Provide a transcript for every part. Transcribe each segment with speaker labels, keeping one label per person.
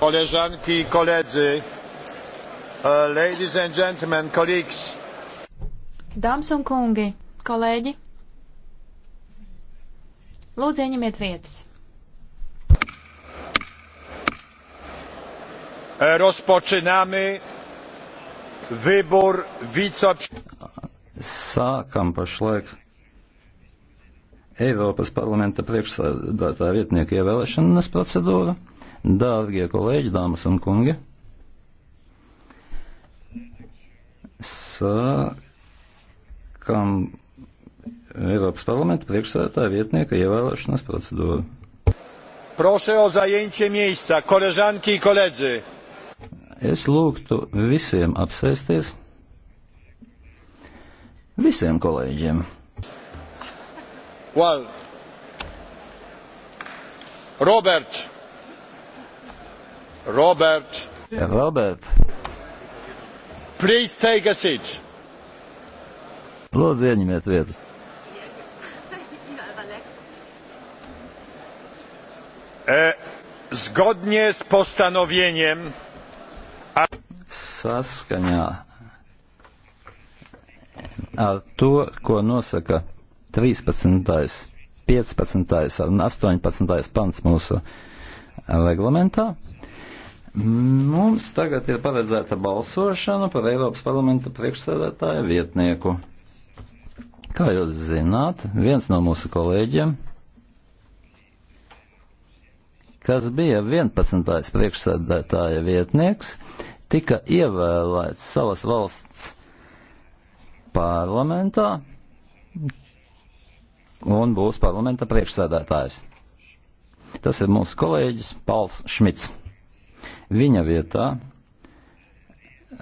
Speaker 1: Koleżanki i koledzy, e, ladies and gentlemen, colleagues.
Speaker 2: Dāmas un kungi, kolēģi, lūdzu ieņemiet vietas.
Speaker 1: E, rozpoczynamy wybór wiceprzewodniczącego.
Speaker 3: Sākam pašlaik Eiropas parlamenta priekšsādātāja vietnieka ievēlēšanas procedūru. Dārgie kolēģi, dāmas un kungi, sākam Eiropas parlamenta priekšsēdētāja vietnieka ievēlēšanas procedūru.
Speaker 1: Proszę o zajęcie miejsca, koleżanki i koledzy.
Speaker 3: Es lūgtu visiem apsēsties. Visiem kolēģiem.
Speaker 1: Well. Robert. Robert.
Speaker 3: Robert.
Speaker 1: Please take a seat.
Speaker 3: Lūdzu, ieņemiet vietas.
Speaker 1: E, zgodnie z postanowieniem.
Speaker 3: A... Saskaņā ar to, ko nosaka 13. 15. un 18. pants mūsu reglamentā. Mums tagad ir paredzēta balsošana par Eiropas parlamenta priekšsēdētāja vietnieku. Kā jūs zināt, viens no mūsu kolēģiem, kas bija 11. priekšsēdētāja vietnieks, tika ievēlēts savas valsts parlamentā un būs parlamenta priekšsēdētājs. Tas ir mūsu kolēģis Pauls Šmits. Viņa vietā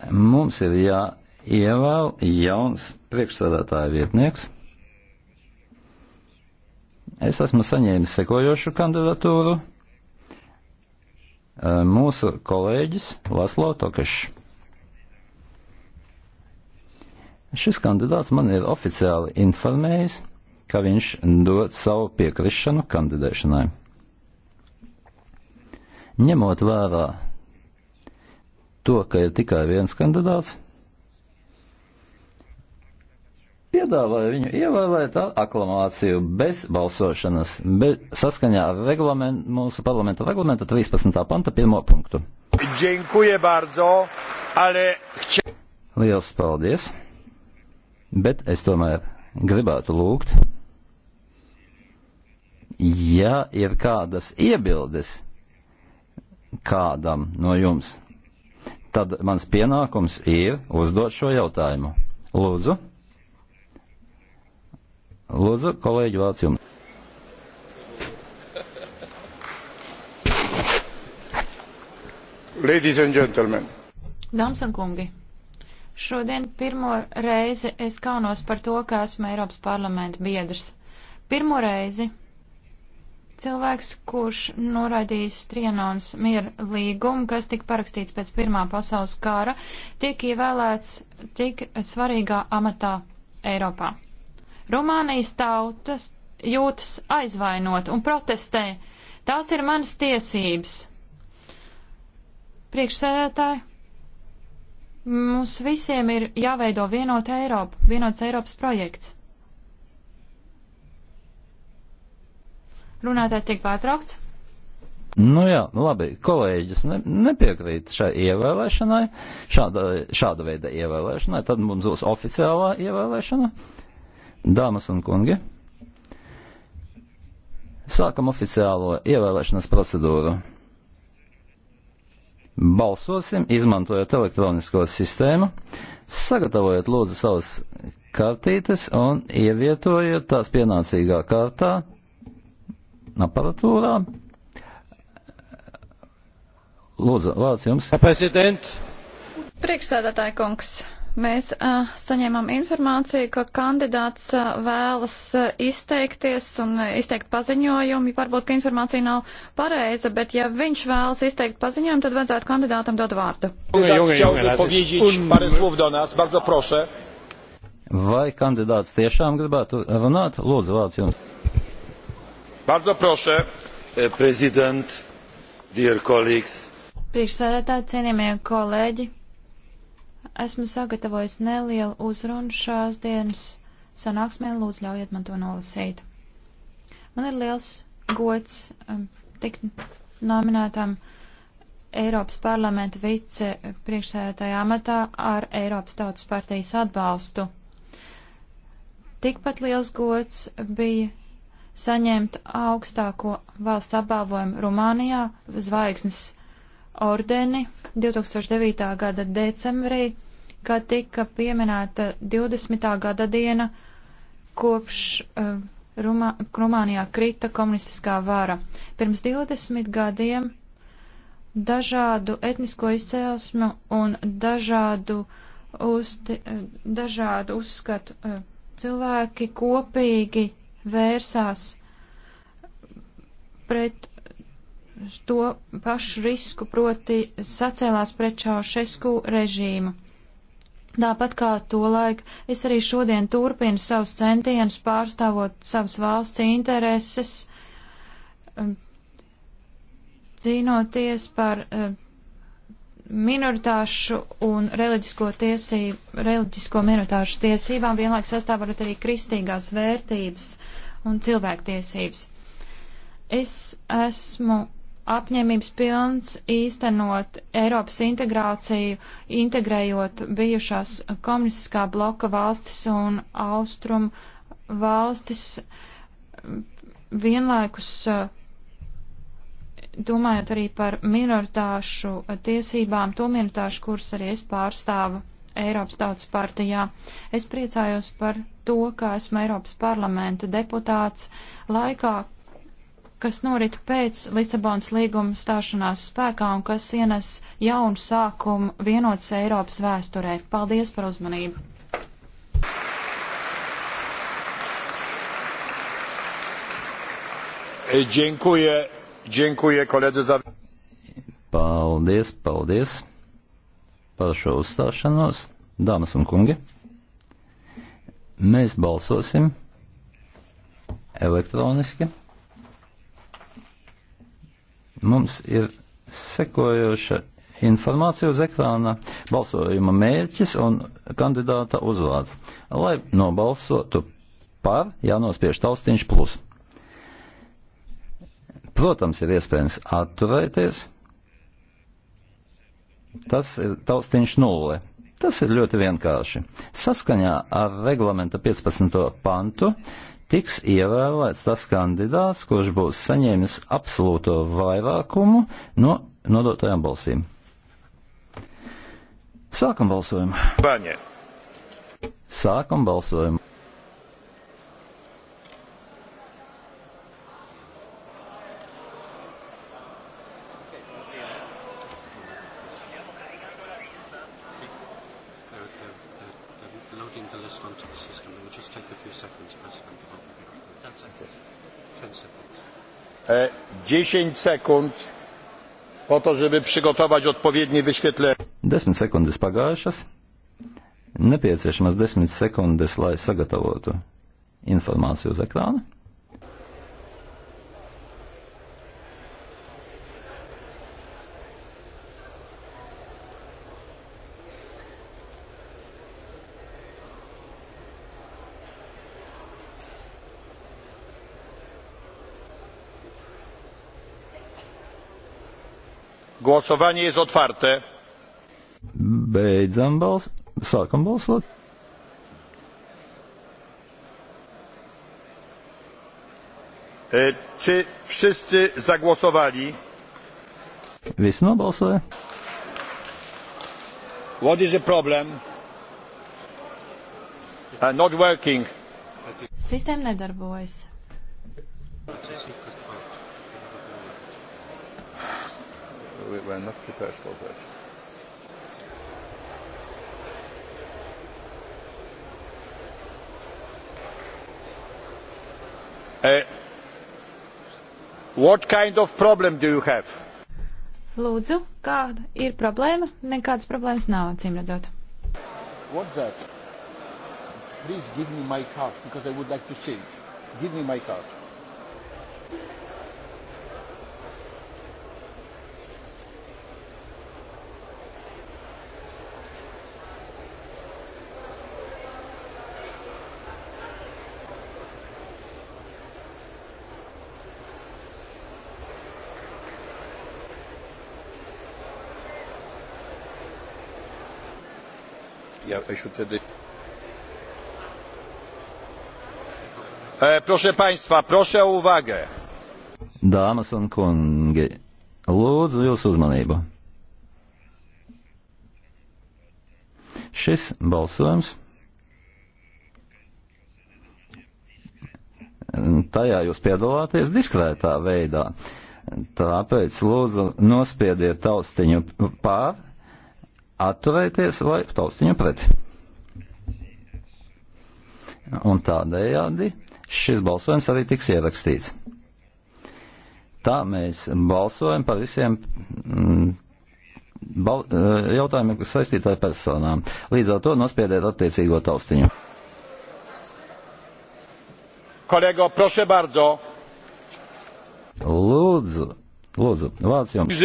Speaker 3: mums ir jāievēl jauns priekšsēdētāja vietnieks. Es esmu saņēmis sekojošu kandidatūru. Mūsu kolēģis Laslo Tokešs. Šis kandidāts man ir oficiāli informējis, ka viņš dod savu piekrišanu kandidēšanai. Ņemot vērā to, ka ir tikai viens kandidāts, piedāvāja viņu ievēlēt aklamāciju bez balsošanas, bez, saskaņā ar reglament, mūsu parlamenta reglamenta 13. panta pirmo punktu.
Speaker 1: Bardzo, ale...
Speaker 3: Liels paldies, bet es tomēr gribētu lūgt, ja ir kādas iebildes kādam no jums tad mans pienākums ir uzdot šo jautājumu. Lūdzu. Lūdzu, kolēģi, vārds jums.
Speaker 1: Ladies and gentlemen.
Speaker 2: Dāmas un kungi, šodien pirmo reizi es kaunos par to, ka esmu Eiropas parlamenta biedrs. Pirmo reizi Cilvēks, kurš noraidījis Trienons mieru līgumu, kas tika parakstīts pēc Pirmā pasaules kara, tiek ievēlēts tik svarīgā amatā Eiropā. Rumānijas tautas jūtas aizvainot un protestē. Tās ir manas tiesības. Priekšsēdētāji, mums visiem ir jāveido vienota Eiropa, vienots Eiropas projekts. Runātājs tiek pārtraukts.
Speaker 3: Nu jā, nu labi, kolēģis ne, nepiekrīt šai ievēlēšanai, šāda, šāda veida ievēlēšanai, tad mums būs oficiālā ievēlēšana. Dāmas un kungi, sākam oficiālo ievēlēšanas procedūru. Balsosim, izmantojot elektronisko sistēmu, sagatavojot lūdzu savas kartītes un ievietojiet tās pienācīgā kārtā aparatūrā. Lūdzu, vārds jums. Prezident.
Speaker 4: Priekšsēdētāji kungs. Mēs uh, saņēmām informāciju, ka kandidāts uh, vēlas uh, izteikties un uh, izteikt paziņojumu. Varbūt, ka informācija nav pareiza, bet ja viņš vēlas izteikt paziņojumu, tad vajadzētu kandidātam dot vārdu.
Speaker 3: Vai kandidāts tiešām gribētu runāt? Lūdzu, vārds jums.
Speaker 1: Bardzo proszę.
Speaker 3: E, Prezident, dear colleagues.
Speaker 2: Priekšsēdētāji, cienījamie kolēģi, esmu sagatavojis nelielu uzrunu šās dienas sanāksmē, lūdzu ļaujiet man to nolasīt. Man ir liels gods um, tikt nominētam Eiropas parlamenta vice priekšsēdētāja amatā ar Eiropas tautas partijas atbalstu. Tikpat liels gods bija saņemt augstāko valsts apbalvojumu Rumānijā, zvaigznes ordeni 2009. gada decembrī, kad tika pieminēta 20. gada diena kopš uh, Rumā, Rumānijā krita komunistiskā vara. Pirms 20 gadiem dažādu etnisko izcēlesmu un dažādu, uzti, eh, dažādu uzskatu eh, cilvēki kopīgi vērsās pret to pašu risku, proti sacēlās pret Čaušesku režīmu. Tāpat kā tolaik, es arī šodien turpinu savus centienus pārstāvot savas valsts intereses, um, cīnoties par um, minoritāšu un reliģisko, tiesību, reliģisko minoritāšu tiesībām, vienlaik sastāvarot arī kristīgās vērtības un cilvēktiesības. Es esmu apņēmības pilns īstenot Eiropas integrāciju, integrējot bijušās komunistiskā bloka valstis un austrumu valstis vienlaikus domājot arī par minoritāšu tiesībām, to minoritāšu, kuras arī es pārstāvu. Eiropas Tautas partijā. Es priecājos par to, ka esmu Eiropas parlamenta deputāts laikā, kas norit pēc Lisabonas līguma stāšanās spēkā un kas ienes jaunu sākumu vienotas Eiropas vēsturē. Paldies par uzmanību!
Speaker 1: Dziękuję, dziękuję koledze za...
Speaker 3: Paldies, paldies par šo uzstāšanos, dāmas un kungi. Mēs balsosim elektroniski. Mums ir sekojoša informācija uz ekrāna, balsojuma mērķis un kandidāta uzvārds. Lai nobalsotu par, jānospiež taustiņš plus. Protams, ir iespējams atturēties Tas ir taustiņš nulle. Tas ir ļoti vienkārši. Saskaņā ar reglamenta 15. pantu tiks ievēlēts tas kandidāts, kurš būs saņēmis absolūto vairākumu no nodotajām balsīm. Sākam balsojumu. Baņē. Sākam balsojumu.
Speaker 1: 10 sekund po to, żeby przygotować odpowiednie wyświetlenie.
Speaker 3: 10 sekundes pagājušas. Nepieciešamas 10 sekundes, lai sagatavotu informāciju uz ekrāna.
Speaker 1: Głosowanie jest otwarte.
Speaker 3: Beidzam balsot. Sākam balsot.
Speaker 1: E, czy wszyscy zagłosowali?
Speaker 3: Visi nobalsoja.
Speaker 1: What is the problem? Uh, not working.
Speaker 2: Sistēma nedarbojas.
Speaker 1: we were not prepared for that. Uh, what kind of problem do you have?
Speaker 2: Lūdzu, kāda ir problēma? Nekādas problēmas nav, acīm redzot.
Speaker 1: What's that? Please give me my card because I would like to sing. Give me my card. I should say the... Proszę Państwa, proszę o uwagę.
Speaker 3: Dāmas un kungi, lūdzu jūsu uzmanību. Šis balsojums. Tajā jūs piedalāties diskvētā veidā. Tāpēc lūdzu nospiediet taustiņu pār atturēties vai taust viņam pret. Un tādējādi šis balsojums arī tiks ierakstīts. Tā mēs balsojam par visiem mm, bal, eh, jautājumiem, kas saistīti ar personām. Līdz ar to nospiediet attiecīgo taustiņu.
Speaker 1: Kolego, prošu bardzo.
Speaker 3: Lūdzu. Lūdzu, vārds jums.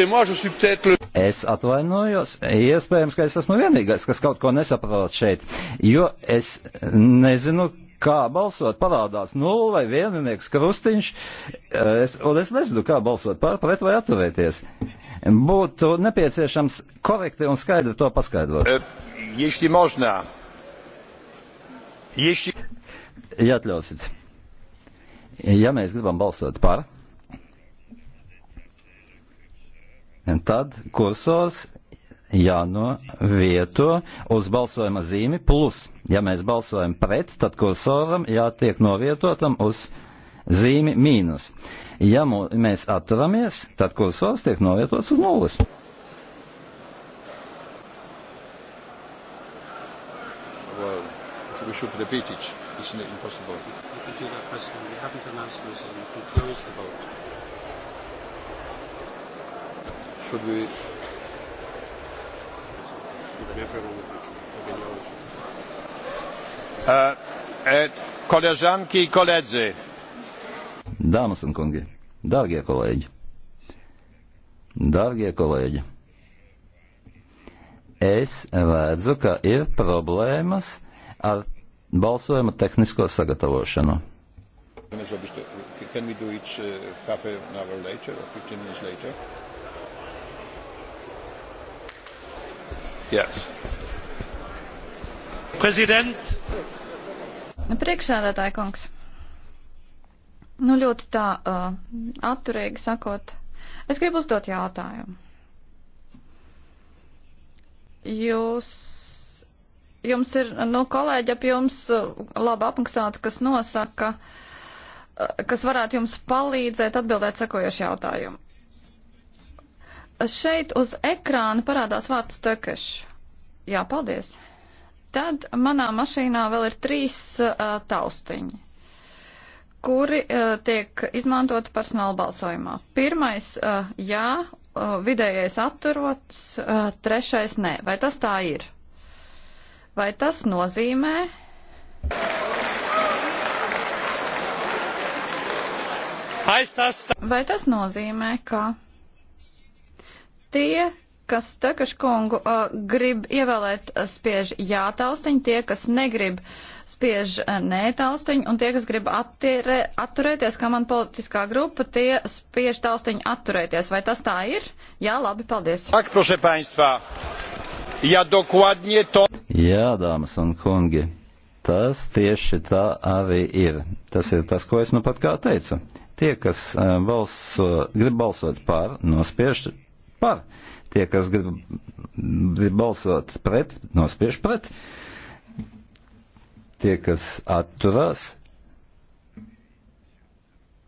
Speaker 3: Es atvainojos, iespējams, ka es esmu vienīgais, kas kaut ko nesaprot šeit, jo es nezinu, kā balsot, parādās nulle vai vieninieks krustiņš, es, un es nezinu, kā balsot par, pret vai atturēties. Būtu nepieciešams korekti un skaidri to paskaidrot. Eh, jeśli można. Jeśli... Ja atļausit. Ja mēs gribam balsot par tad kursors jānovieto uz balsojuma zīmi plus. Ja mēs balsojam pret, tad kursoram jātiek novietotam uz zīmi mīnus. Ja mēs atturamies, tad kursors tiek novietots uz nulles.
Speaker 1: Well, we should repeat it. Isn't it impossible? You
Speaker 3: can do that, President. We haven't announced the result. You can close the
Speaker 1: vote should we? Uh, uh, koleżanki i koledzy.
Speaker 3: Dāmas un kungi, dārgie kolēģi, dārgie kolēģi, es redzu, ka ir problēmas ar balsojuma tehnisko sagatavošanu.
Speaker 1: Can we do it uh, half an hour later or 15 minutes later? Yes. Prezident.
Speaker 4: Nu, Priekšsēdētāja kungs. Nu, ļoti tā uh, atturīgi sakot, es gribu uzdot jautājumu. Jūs, jums ir, nu, kolēģi ap jums uh, labi apmaksāti, kas nosaka, uh, kas varētu jums palīdzēt atbildēt sekojošu jautājumu šeit uz ekrāna parādās vārds Tökeš. Jā, paldies. Tad manā mašīnā vēl ir trīs uh, taustiņi, kuri uh, tiek izmantoti personāla balsojumā. Pirmais uh, jā, uh, vidējais atturots, uh, trešais nē. Vai tas tā ir? Vai tas nozīmē? Vai tas nozīmē, ka. Tie, kas Takaškungu uh, grib ievēlēt, uh, spiež jā taustiņu, tie, kas negrib, spiež uh, nē taustiņu, un tie, kas grib attirē, atturēties, kā man politiskā grupa, tie spiež taustiņu atturēties. Vai tas tā ir? Jā, labi, paldies.
Speaker 1: Tak, prošē, paņstvā. Ja dokładnie to...
Speaker 3: Jā, dāmas un kungi, tas tieši tā arī ir. Tas ir tas, ko es nu pat kā teicu. Tie, kas uh, balso, grib balsot par, nospiež par. Tie, kas grib, grib balsot pret, nospiež pret. Tie, kas atturās,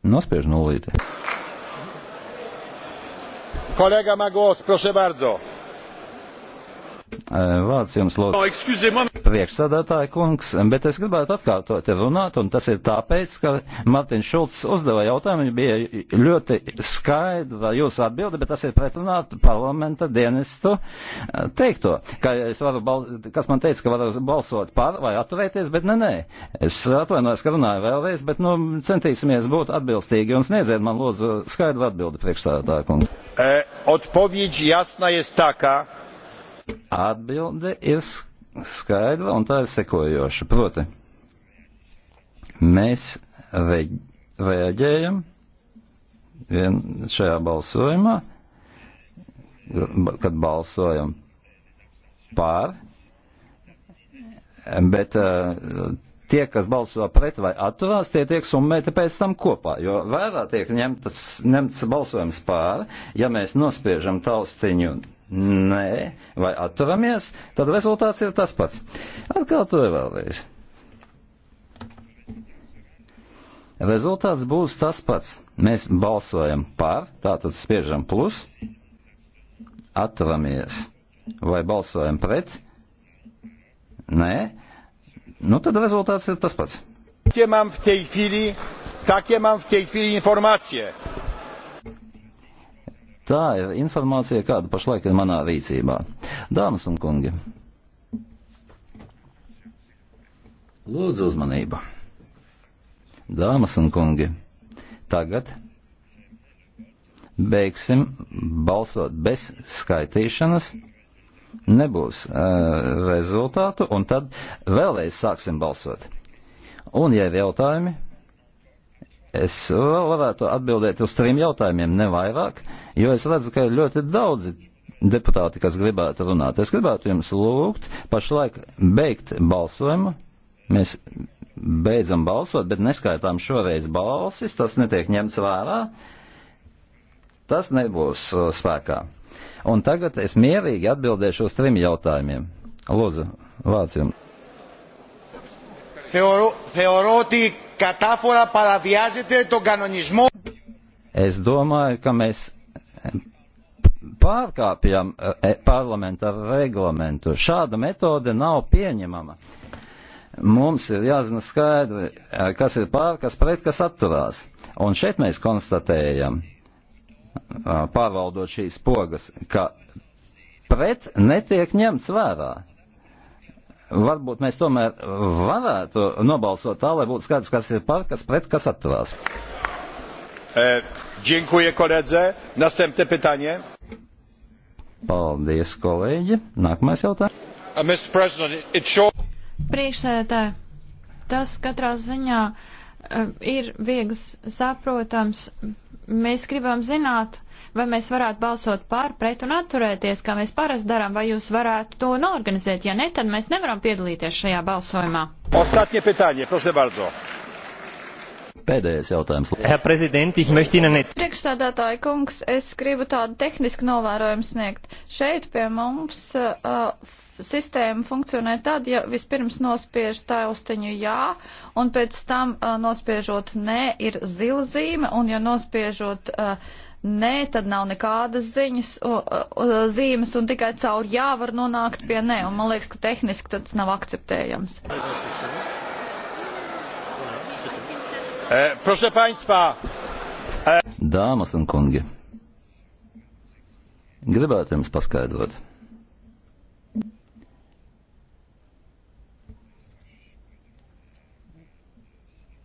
Speaker 3: nospiež nulīti.
Speaker 1: Kolega Magos, proszę bardzo.
Speaker 3: Eh, vārds jums
Speaker 1: lūdzu.
Speaker 3: Priekšsādātāja kungs, bet es gribētu atkārtot runāt, un tas ir tāpēc, ka Martins Šulcs uzdeva jautājumu, viņa bija ļoti skaidra jūsu atbilde, bet tas ir pretrunā parlamenta dienestu eh, teikto, ka es varu, kas man teica, ka varu balsot par vai atturēties, bet nē, nē. Es atvainojos, ka runāju vēlreiz, bet, nu, centīsimies būt atbilstīgi un sniedziet man lūdzu skaidru atbildi priekšsādātāja kungs.
Speaker 1: E, Odpowiedź jasna jest taka,
Speaker 3: Atbilde ir skaidra un tā ir sekojoša. Proti, mēs reaģējam vien šajā balsojumā, kad balsojam pār, bet uh, tie, kas balso pret vai atturās, tie tiek summēti pēc tam kopā, jo vērā tiek ņemtas, ņemts balsojums pāri, ja mēs nospiežam taustiņu nē, vai atturamies, tad rezultāts ir tas pats. Atkārtoju vēlreiz. Rezultāts būs tas pats. Mēs balsojam par, tātad spiežam plus, atturamies vai balsojam pret, nē, nu tad rezultāts ir tas pats.
Speaker 1: Takie mam w tej chwili, takie mam w tej chwili informacje.
Speaker 3: Tā ir informācija, kāda pašlaik ir manā rīcībā. Dāmas un kungi, lūdzu uzmanību. Dāmas un kungi, tagad beigsim balsot bez skaitīšanas. Nebūs uh, rezultātu, un tad vēlreiz sāksim balsot. Un, ja ir jautājumi, Es varētu atbildēt uz trim jautājumiem, ne vairāk, jo es redzu, ka ir ļoti daudzi deputāti, kas gribētu runāt. Es gribētu jums lūgt pašlaik beigt balsojumu. Mēs beidzam balsot, bet neskaitām šoreiz balsis, tas netiek ņemts vērā. Tas nebūs uh, spēkā. Un tagad es mierīgi atbildēšu uz trim jautājumiem. Lūdzu, vārds jums.
Speaker 1: Θεωρώ, θεωρώ ότι κατάφορα παραβιάζεται τον κανονισμό.
Speaker 3: Es domāju, ka mēs pārkāpjam eh, eh, parlamenta reglamentu. Šāda metode nav pieņemama. Mums ir jāzina skaidri, eh, kas ir pār, kas pret, kas atturās. Un šeit mēs konstatējam, pārvaldot šīs pogas, ka pret netiek ņemts vērā varbūt mēs tomēr varētu nobalsot tā, lai būtu skaidrs, kas ir par, kas pret, kas atturās.
Speaker 1: E, dziękuję koledze. Następne pytanie.
Speaker 3: Paldies, kolēģi. Nākamais jautājums.
Speaker 2: Priekšsēdētāji, tas katrā ziņā e, ir viegls saprotams. Mēs gribam zināt, Vai mēs varētu balsot pār, pret un atturēties, kā mēs parasti darām, vai jūs varētu to norganizēt? Ja ne, tad mēs nevaram piedalīties šajā balsojumā.
Speaker 1: Ostatnie pytanie, proszę bardzo.
Speaker 3: Pēdējais jautājums. Herr Präsident, ich möchte Ihnen nicht.
Speaker 4: Priekšstādātāji kungs, es gribu tādu tehnisku novērojumu sniegt. Šeit pie mums uh, sistēma funkcionē tad, ja vispirms nospiež taustiņu jā, un pēc tam uh, nospiežot nē ir zila zīme, un ja nospiežot. Uh, nē, tad nav nekādas ziņas, o, o, zīmes, un tikai caur jā var nonākt pie nē, un man liekas, ka tehniski tas nav akceptējams.
Speaker 1: E, proszę Państwa! E,
Speaker 3: Dāmas un kungi, gribētu jums paskaidrot.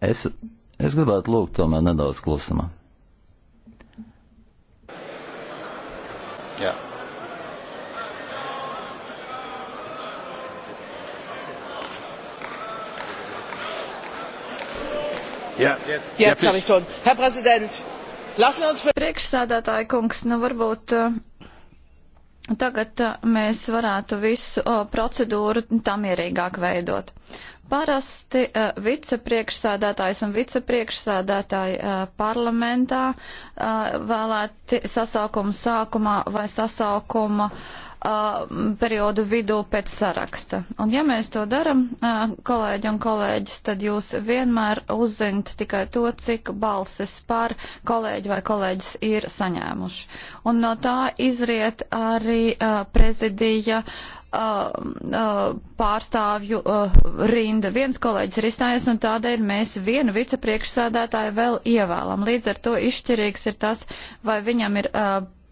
Speaker 3: Es, es gribētu lūgt tomēr nedaudz klusumā.
Speaker 1: Yeah. Yes. Yes.
Speaker 4: Priekšsēdētāja kungs, nu varbūt eh, tagad eh, mēs varētu visu eh, procedūru tam ierīgāk veidot. Parasti uh, vicepriekšsēdētājs un vicepriekšsēdētāji uh, parlamentā uh, vēlēti sasaukuma sākumā vai sasaukuma uh, periodu vidū pēc saraksta. Un ja mēs to daram, kolēģi un kolēģis, tad jūs vienmēr uzzinat tikai to, cik balsis par kolēģi vai kolēģis ir saņēmuši. Un no tā izriet arī prezidija pārstāvju rinda. Viens kolēģis ir izstājies, un tādēļ mēs vienu vicepriekšsēdētāju vēl ievēlam. Līdz ar to izšķirīgs ir tas, vai viņam ir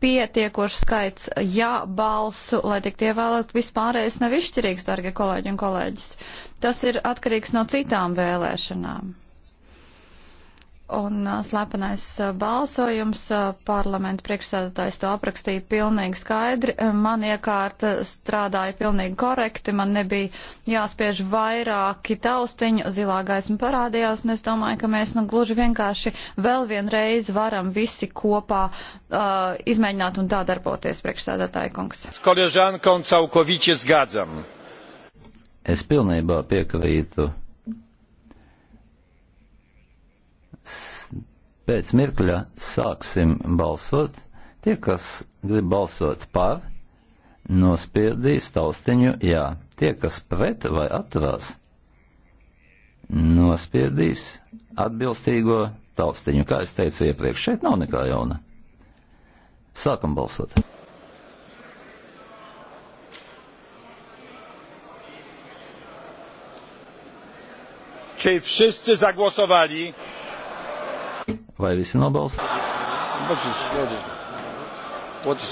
Speaker 4: pietiekošs skaits jā balsu, lai tiktu ievēlēt vispārējais nav izšķirīgs, dargie kolēģi un kolēģis. Tas ir atkarīgs no citām vēlēšanām un uh, slepenais uh, balsojums, uh, parlamenta priekšsēdētājs to aprakstīja pilnīgi skaidri, man iekārta strādāja pilnīgi korekti, man nebija jāspiež vairāki taustiņi, zilā gaisma parādījās, un es domāju, ka mēs nu gluži vienkārši vēl vienreiz varam visi kopā uh, izmēģināt un tā darboties, priekšsēdētāja kungs.
Speaker 1: S koležankom caukoviči zgadzam.
Speaker 3: Es pilnībā piekrītu pēc mirkļa sāksim balsot. Tie, kas grib balsot par, nospiedīs taustiņu jā. Tie, kas pret vai atturās, nospiedīs atbilstīgo taustiņu. Kā es teicu iepriekš, šeit nav nekā jauna. Sākam balsot!
Speaker 1: Czy wszyscy zagłosowali?
Speaker 3: Vai visi nobalso?
Speaker 1: What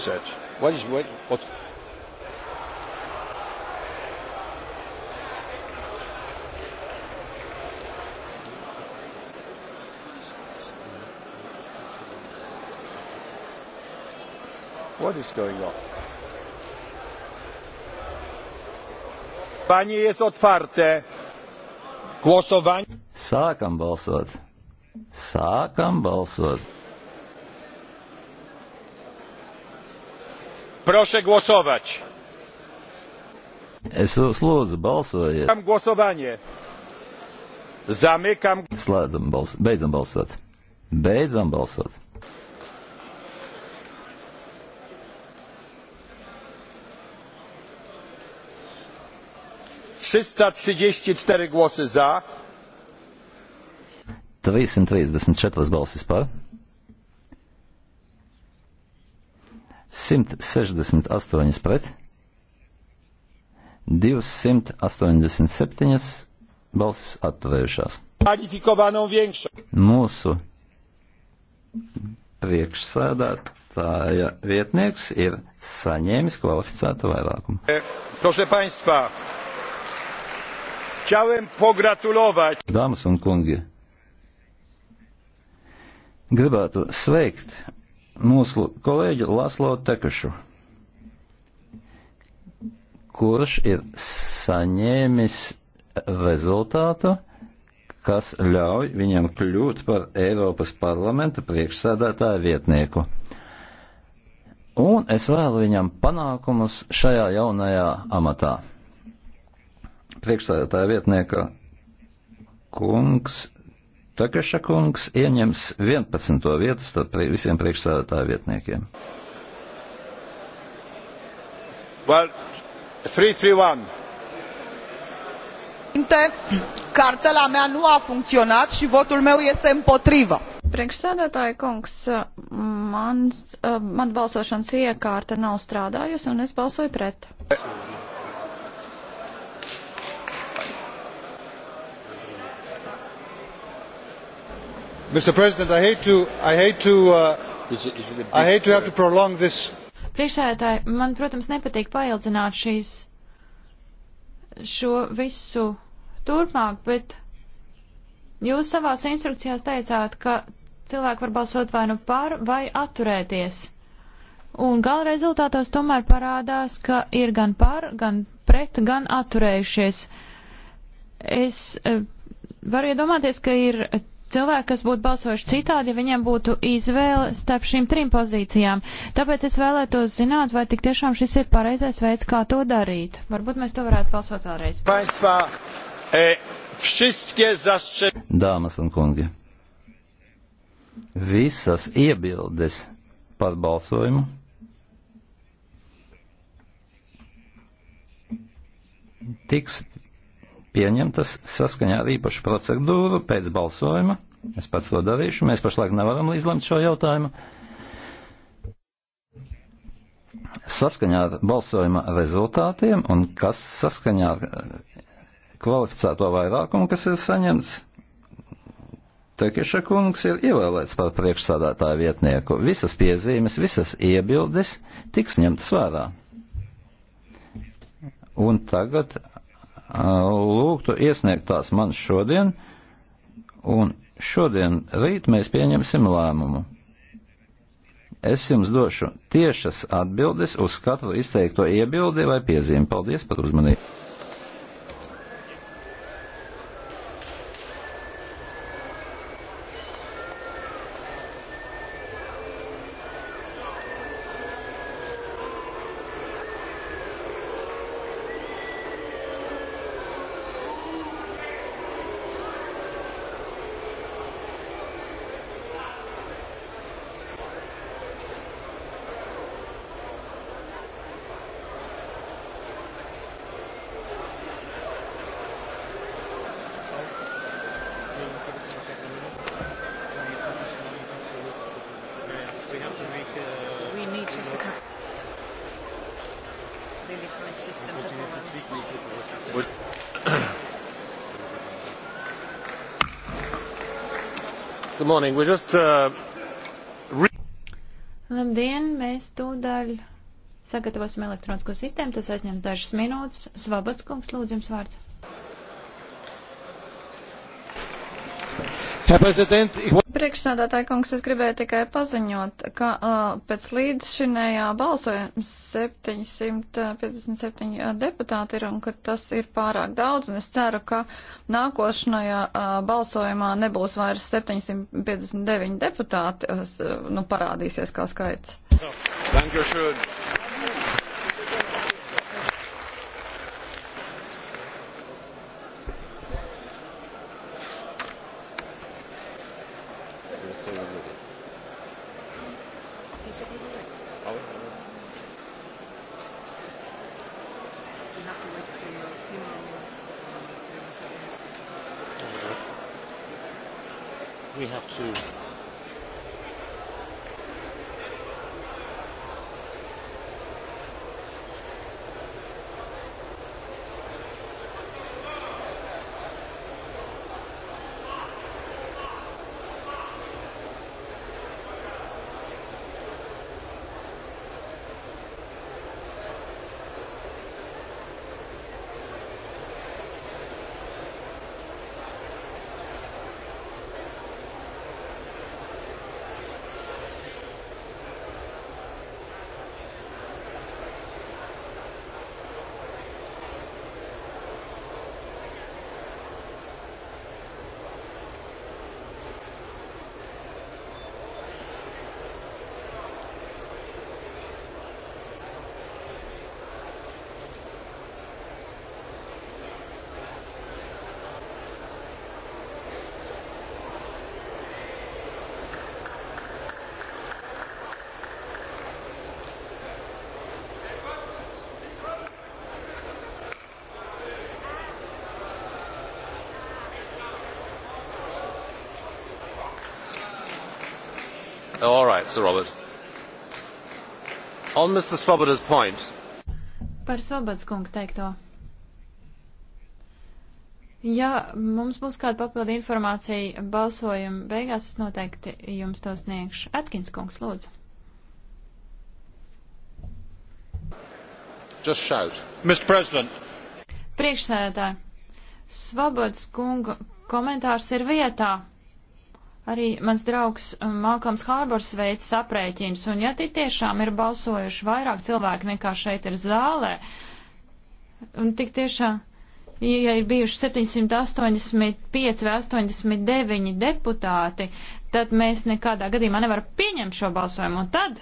Speaker 1: is going on? Panie jest otwarte.
Speaker 3: Głosowanie. Sākam balsot. Sākam balsot.
Speaker 1: Proszę głosować.
Speaker 3: Es jūs lūdzu, balsojiet.
Speaker 1: Zamykam głosowanie.
Speaker 3: Zamykam. Slēdzam balsot. Beidzam balsot. Beidzam balsot.
Speaker 1: Trzysta trzydzieści cztery głosy za.
Speaker 3: 334 balsis par, 168 pret, 287 balsis atturējušās. Mūsu priekšsēdētāja vietnieks ir saņēmis kvalificētu vairākumu.
Speaker 1: E, Prošē paņstvā, ķaujam pogratulovāt.
Speaker 3: Dāmas un kungi. Gribētu sveikt mūsu kolēģi Laslo Tekašu, kurš ir saņēmis rezultātu, kas ļauj viņam kļūt par Eiropas parlamenta priekšsēdētāju vietnieku. Un es vēlu viņam panākumus šajā jaunajā amatā. Priekšsēdētāja vietnieka kungs Takaša kungs ieņems 11. vietu starp visiem priekšsēdētāju vietniekiem. Well,
Speaker 1: 331.
Speaker 4: Cartela mea nu a funcționat și votul meu este împotrivă. Priekšsēdētāja kungs, mans, man balsošanas iekārta nav strādājusi un es balsoju pret.
Speaker 1: Mr. President, I hate to, I hate to, uh, is it, is it I hate to have to prolong this.
Speaker 2: Priekšsēdētāji, man, protams, nepatīk paildzināt šīs, šo visu turpmāk, bet jūs savās instrukcijās teicāt, ka cilvēki var balsot vai nu par, vai atturēties. Un gala rezultātos tomēr parādās, ka ir gan par, gan pret, gan atturējušies. Es eh, varu iedomāties, ka ir cilvēki, kas būtu balsojuši citādi, ja viņiem būtu izvēle starp šīm trim pozīcijām. Tāpēc es vēlētos zināt, vai tik tiešām šis ir pareizais veids, kā to darīt. Varbūt mēs to varētu balsot vēlreiz.
Speaker 1: E,
Speaker 3: Dāmas un kungi, visas iebildes par balsojumu tiks pieņemtas saskaņā ar īpašu procedūru pēc balsojuma. Es pats to darīšu. Mēs pašlaik nevaram izlemt šo jautājumu. Saskaņā ar balsojuma rezultātiem un kas saskaņā ar kvalificēto vairākumu, kas ir saņemts, Tekeša kungs ir ievēlēts par priekšsādātāju vietnieku. Visas piezīmes, visas iebildes tiks ņemtas vērā. Un tagad lūgtu iesniegt tās man šodien, un šodien rīt mēs pieņemsim lēmumu. Es jums došu tiešas atbildes uz katru izteikto iebildi vai piezīmi. Paldies par uzmanību! morning. We're just. Uh, re...
Speaker 2: Labdien, mēs tūdaļ sagatavosim elektronisko sistēmu. Tas aizņems dažas minūtes. Svabats kungs, lūdzu, jums vārds.
Speaker 1: Herr Präsident, ich wollte
Speaker 2: Priekšsēdētāji kungs, es gribēju tikai
Speaker 4: paziņot, ka uh, pēc līdzšinējā balsojuma 757 deputāti ir un ka tas ir pārāk daudz, un es ceru, ka nākošanajā uh, balsojumā nebūs vairs 759 deputāti, uh, nu parādīsies kā skaits.
Speaker 1: Dankeschön.
Speaker 3: Oh, all right, Sir Robert. On Mr. Svoboda's point.
Speaker 2: Par Svobodas kungu teikto. Ja mums būs kāda papildu informācija balsojuma beigās, es noteikti jums to sniegšu. Atkins kungs, lūdzu. Priekšsēdētāji, Svobodas kunga komentārs ir vietā arī mans draugs um, Malkams Hārbors veids aprēķins, un ja tie tiešām ir balsojuši vairāk cilvēki nekā šeit ir zālē, un tik tiešām, ja ir bijuši 785 vai 89 deputāti, tad mēs nekādā gadījumā nevaram pieņemt šo balsojumu, un tad.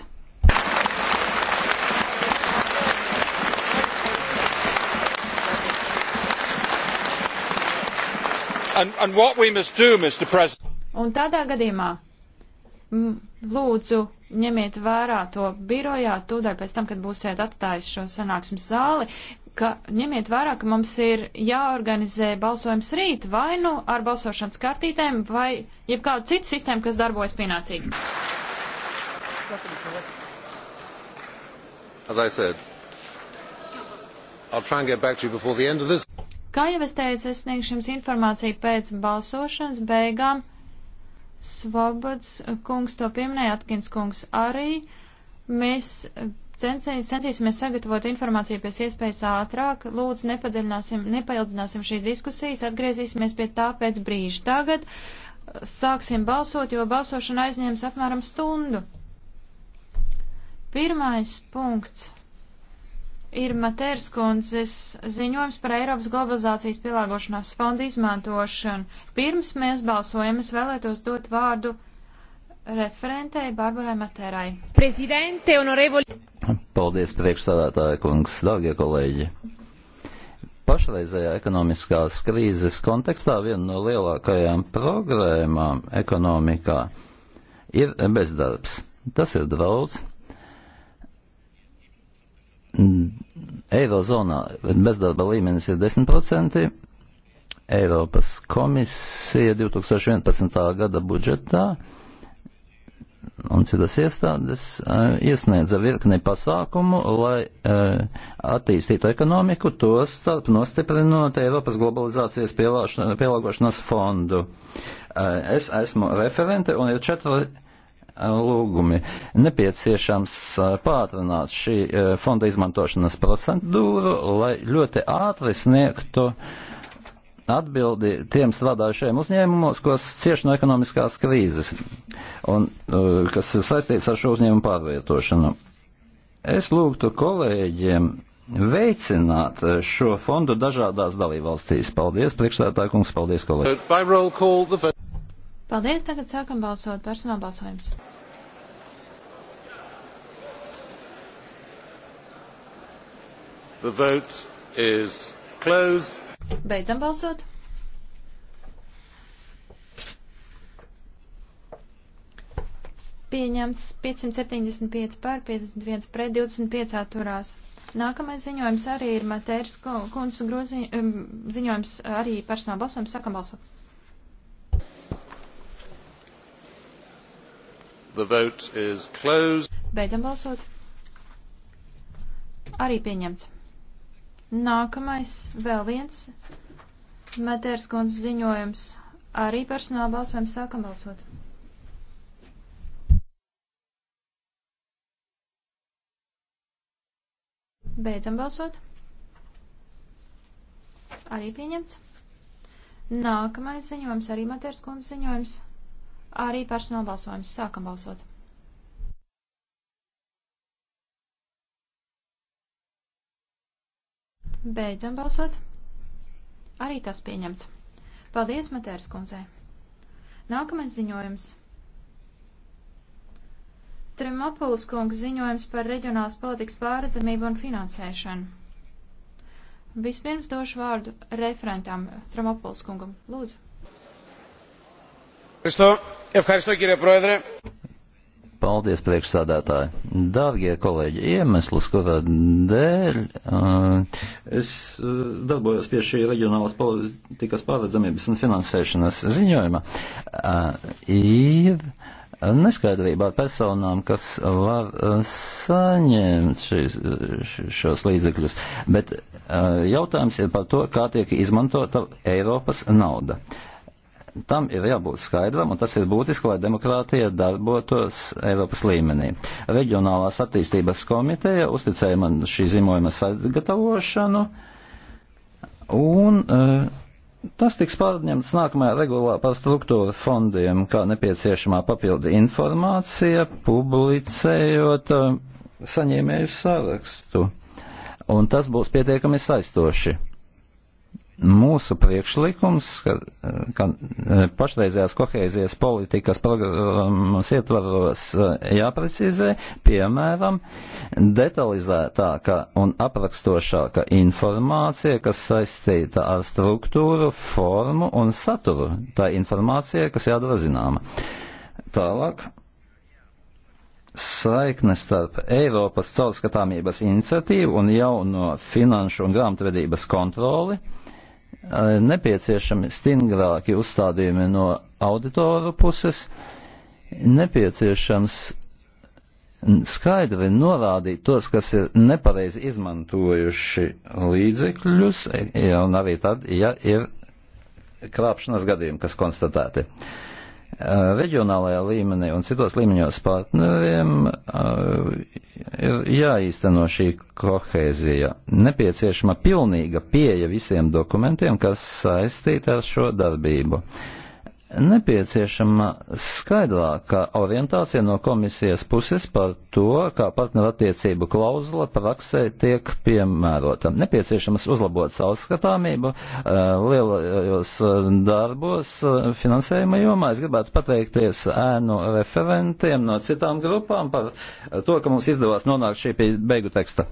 Speaker 1: And, and what we must do, Mr. President.
Speaker 2: Un tādā gadījumā lūdzu ņemiet vērā to birojā, tūdaļ pēc tam, kad būsiet atstājuši šo sanāksmes zāli, ka ņemiet vērā, ka mums ir jāorganizē balsojums rīt vai nu ar balsošanas kartītēm vai jebkādu citu sistēmu, kas darbojas pienācīgi. Said, Kā jau es teicu, es sniegšu jums informāciju pēc balsošanas beigām. Svobods eh, kungs to pieminēja, Atkins kungs arī. Mēs eh, centīsimies sagatavot informāciju pēc iespējas ātrāk. Lūdzu, nepaildzināsim šīs diskusijas, atgriezīsimies pie tā pēc brīža. Tagad eh, sāksim balsot, jo balsošana aizņems apmēram stundu. Pirmais punkts ir Matērs kundzes ziņojums par Eiropas globalizācijas pielāgošanās fondu izmantošanu. Pirms mēs balsojam, es vēlētos dot vārdu referentei Barbarai Matērai. Prezidente, honorevoli.
Speaker 3: Paldies, priekšstādātāja kungs, dārgie kolēģi. Pašreizējā ekonomiskās krīzes kontekstā viena no lielākajām problēmām ekonomikā ir bezdarbs. Tas ir draudz Mm. Eirozonā bezdarba līmenis ir 10%. Eiropas komisija 2011. gada budžetā un citas iestādes eh, iesniedza virkni pasākumu, lai eh, attīstītu ekonomiku, to starp nostiprinot Eiropas globalizācijas pielāgošanas fondu. Eh, es esmu referente un ir četri Eh, lūgumi. Nepieciešams eh, pātrināt šī eh, fonda izmantošanas procedūru, lai ļoti ātri sniegtu atbildi tiem strādājušiem uzņēmumos, kas cieši no ekonomiskās krīzes un kas ir saistīts ar šo uzņēmumu pārvietošanu. Es lūgtu kolēģiem veicināt šo fondu dažādās dalībvalstīs. Paldies, priekšsētākums, paldies, kolēģi.
Speaker 2: Paldies, tagad sākam balsot personāla balsojums.
Speaker 3: The vote is closed.
Speaker 2: Beidzam balsot. Pieņems 575 pār 51 pret 25 atturās. Nākamais ziņojums arī ir Matērs kundzes um, ziņojums arī personāla balsojums. Sākam balsot.
Speaker 3: The vote is closed.
Speaker 2: Beidzam balsot. Arī pieņemts. Nākamais, vēl viens. Matērs kundz ziņojums. Arī personāla balsojums sākam balsot. Beidzam balsot. Arī pieņemts. Nākamais ziņojums, arī Matērs kundz ziņojums. Arī personāla balsojums. Sākam balsot. Beidzam balsot. Arī tas pieņemts. Paldies, Matērs kundzē. Nākamais ziņojums. Trimapulis kungs ziņojums par reģionālas politikas pārredzamību un finansēšanu. Vispirms došu vārdu referentam Trimapulis kungam. Lūdzu.
Speaker 3: Paldies, priekšsādātāji. Dārgie kolēģi, iemesls, kurā dēļ uh, es uh, darbojos pie šī reģionālās politikas pārredzamības un finansēšanas ziņojuma, uh, ir neskaidrība ar personām, kas var saņemt šis, šos līdzekļus. Bet jautājums ir par to, kā tiek izmantota Eiropas nauda. Uh, Tam ir jābūt skaidram, un tas ir būtiski, lai demokrātija darbotos Eiropas līmenī. Reģionālās attīstības komiteja uzticēja man šī zīmojuma sagatavošanu, un eh, tas tiks pārņemts nākamajā regulā par struktūru fondiem, kā nepieciešamā papildu informācija, publicējot eh, saņēmēju sarakstu. Un tas būs pietiekami saistoši mūsu priekšlikums, ka, ka e, pašreizējās kohēzijas politikas programmas ietvaros e, jāprecizē, piemēram, detalizētāka un aprakstošāka informācija, kas saistīta ar struktūru, formu un saturu. Tā informācija, kas jādara zināma. Tālāk saikne starp Eiropas caurskatāmības iniciatīvu un jauno finanšu un grāmatvedības kontroli. Uh, Eh, nepieciešami stingrāki uzstādījumi no auditoru puses, nepieciešams skaidri norādīt tos, kas ir nepareizi izmantojuši līdzekļus, eh, un arī tad, ja ir krāpšanas gadījumi, kas konstatēti. Uh, reģionālajā līmenī un citos līmeņos partneriem ir jāīsteno šī kohēzija. Nepieciešama pilnīga pieeja visiem dokumentiem, kas saistīti ar šo darbību. Uh, nepieciešama skaidrāka orientācija no komisijas puses par to, kā partnerattiecību klauzula praksē tiek piemērota. Nepieciešams uzlabot savskatāmību eh, lielajos eh, darbos eh, finansējuma jomā. Es gribētu pateikties ēnu referentiem no citām grupām par to, ka mums izdevās nonākt šī beigu teksta.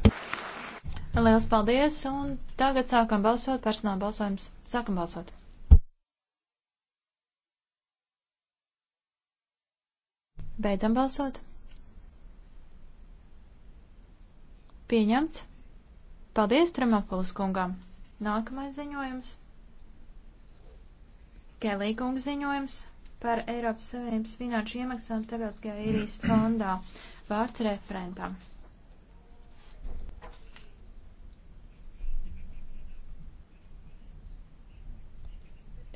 Speaker 2: Liels paldies, un tagad sākam balsot, personāla balsojums. Sākam balsot. Beidzam balsot. Pieņemts. Paldies Tremapulis kungam. Nākamais ziņojums. Kelīgunga ziņojums par Eiropas Savienības finanšu iemaksām starptautiskajā īrijas fondā. Vārds referentam.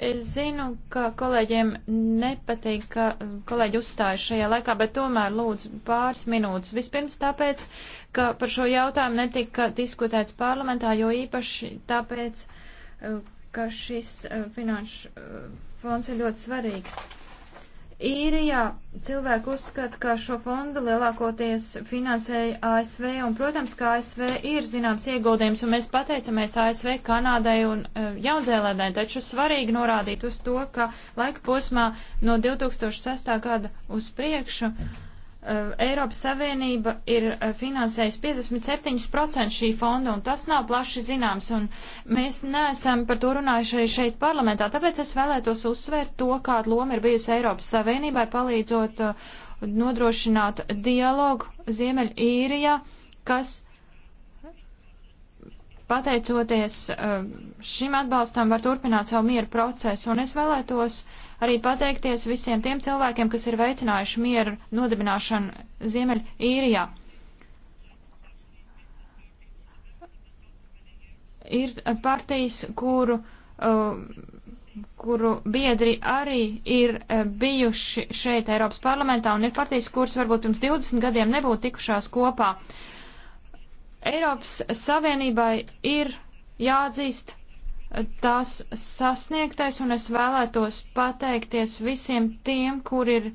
Speaker 2: Es zinu, ka kolēģiem nepatīk, ka kolēģi uzstāja šajā laikā, bet tomēr lūdzu pāris minūtes. Vispirms tāpēc, ka par šo jautājumu netika diskutēts parlamentā, jo īpaši tāpēc, eh, ka šis eh, finanšu eh, fonds ir ļoti svarīgs. Īrijā cilvēki uzskata, ka šo fondu lielākoties finansēja ASV, un, protams, ka ASV ir zināms ieguldījums, un mēs pateicamies ASV, Kanādai un uh, e, Jaunzēlēdai, taču svarīgi norādīt uz to, ka laika posmā no 2006. gada uz priekšu uh, Eh, Eiropas Savienība ir eh, finansējusi 57% šī fonda, un tas nav plaši zināms, un mēs neesam par to runājuši arī šeit parlamentā. Tāpēc es vēlētos uzsvērt to, kāda loma ir bijusi Eiropas Savienībai, palīdzot eh, nodrošināt dialogu Ziemeļīrijā, kas pateicoties šim atbalstam var turpināt savu mieru procesu, un es vēlētos uh, arī pateikties visiem tiem cilvēkiem, kas ir veicinājuši mieru nodibināšanu Ziemeļīrijā. Ir partijas, kuru, uh, kuru biedri arī ir uh, bijuši šeit Eiropas parlamentā, un ir partijas, kuras varbūt pirms 20 gadiem nebūtu tikušās kopā. Eiropas Savienībai ir jāatzīst tas sasniegtais, un es vēlētos pateikties visiem tiem, kur ir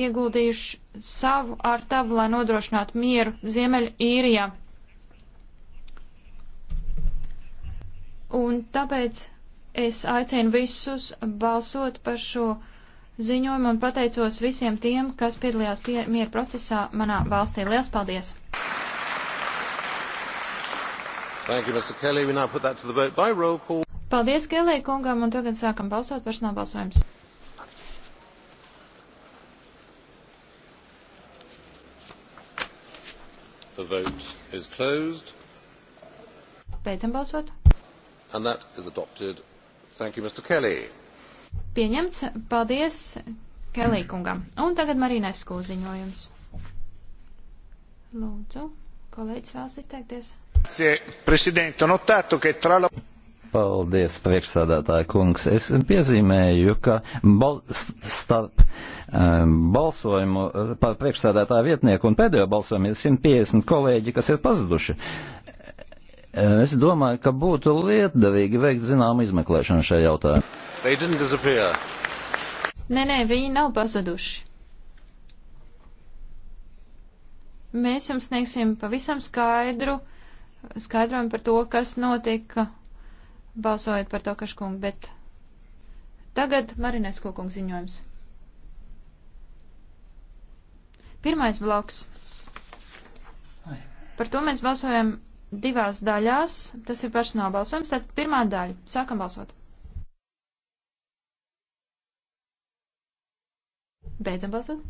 Speaker 2: ieguldījuši savu ar tavu, lai nodrošinātu mieru Ziemeļa īrijā. Un tāpēc es aicinu visus balsot par šo ziņojumu un pateicos visiem tiem, kas piedalījās pie miera procesā manā valstī. Lielas paldies!
Speaker 3: Thank you, Mr. Kelly. We now put that to the vote by roll call.
Speaker 2: Paldies, Kelly kungam, un tagad sākam balsot personāla balsojums.
Speaker 3: The vote is closed.
Speaker 2: Beidzam balsot.
Speaker 3: And that is adopted. Thank you, Mr. Kelly.
Speaker 2: Pieņemts. Paldies Kelly kungam. Un tagad Marīnes skūziņojums. Lūdzu, kolēģis vēlas izteikties.
Speaker 3: Paldies, priekšsādātāja kungs. Es piezīmēju, ka bal starp um, balsojumu eh, par priekšsādātāju vietnieku un pēdējo balsojumu ir 150 kolēģi, kas ir pazuduši. Eh, es domāju, ka būtu lietderīgi veikt zināmu izmeklēšanu šajā jautājumā.
Speaker 2: Nē, nē, viņi nav pazuduši. Mēs jums sniegsim pavisam skaidru skaidrojumu par to, kas notika, balsojot par to kaškungu, bet tagad Marinesko kungu ziņojums. Pirmais bloks. Par to mēs balsojam divās daļās. Tas ir personāla balsojums. Tātad pirmā daļa. Sākam balsot. Beidzam balsot.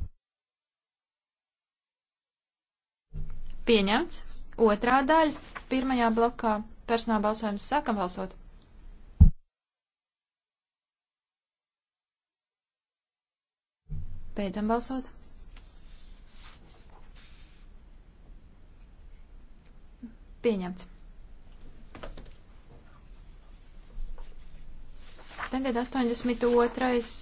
Speaker 2: Pieņemts. Otrā daļa pirmajā blokā personāla balsojums sākam balsot. Beidzam balsot. Pieņemts. Tagad 82.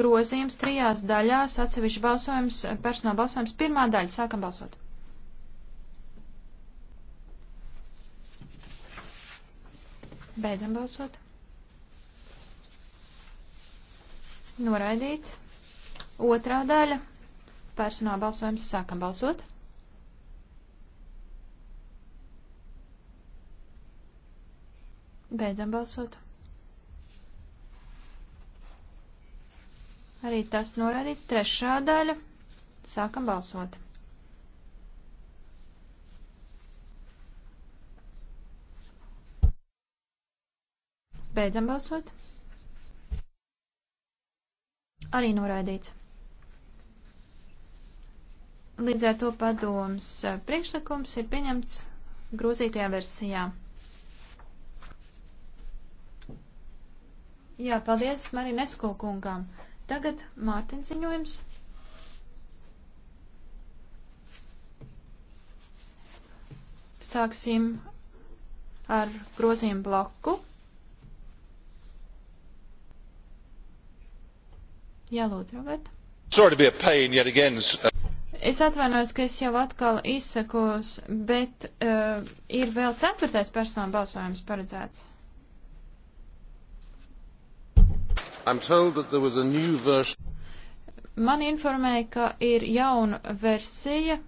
Speaker 2: grozījums trijās daļās atsevišķi balsojums, personāla balsojums. Pirmā daļa. Sākam balsot. Beidzam balsot. Noraidīts. Otrā daļa. Personāla balsojums. Sākam balsot. Beidzam balsot. Arī tas norādīts. Trešā daļa. Sākam balsot. Beidzam balsot. Arī noraidīts. Līdz ar to padoms eh, priekšlikums ir pieņemts grūzītajā versijā. Jā, paldies Marinesko kungām. Tagad Mārtiņa ziņojums. Sāksim ar grozījumu bloku. Jā, lūdzu, Robert.
Speaker 1: Sorry to be a pain yet again.
Speaker 2: Es atvainojos, ka es jau atkal izsakos, bet uh, ir vēl ceturtais personu balsojums paredzēts. Man informēja, ka ir jauna versija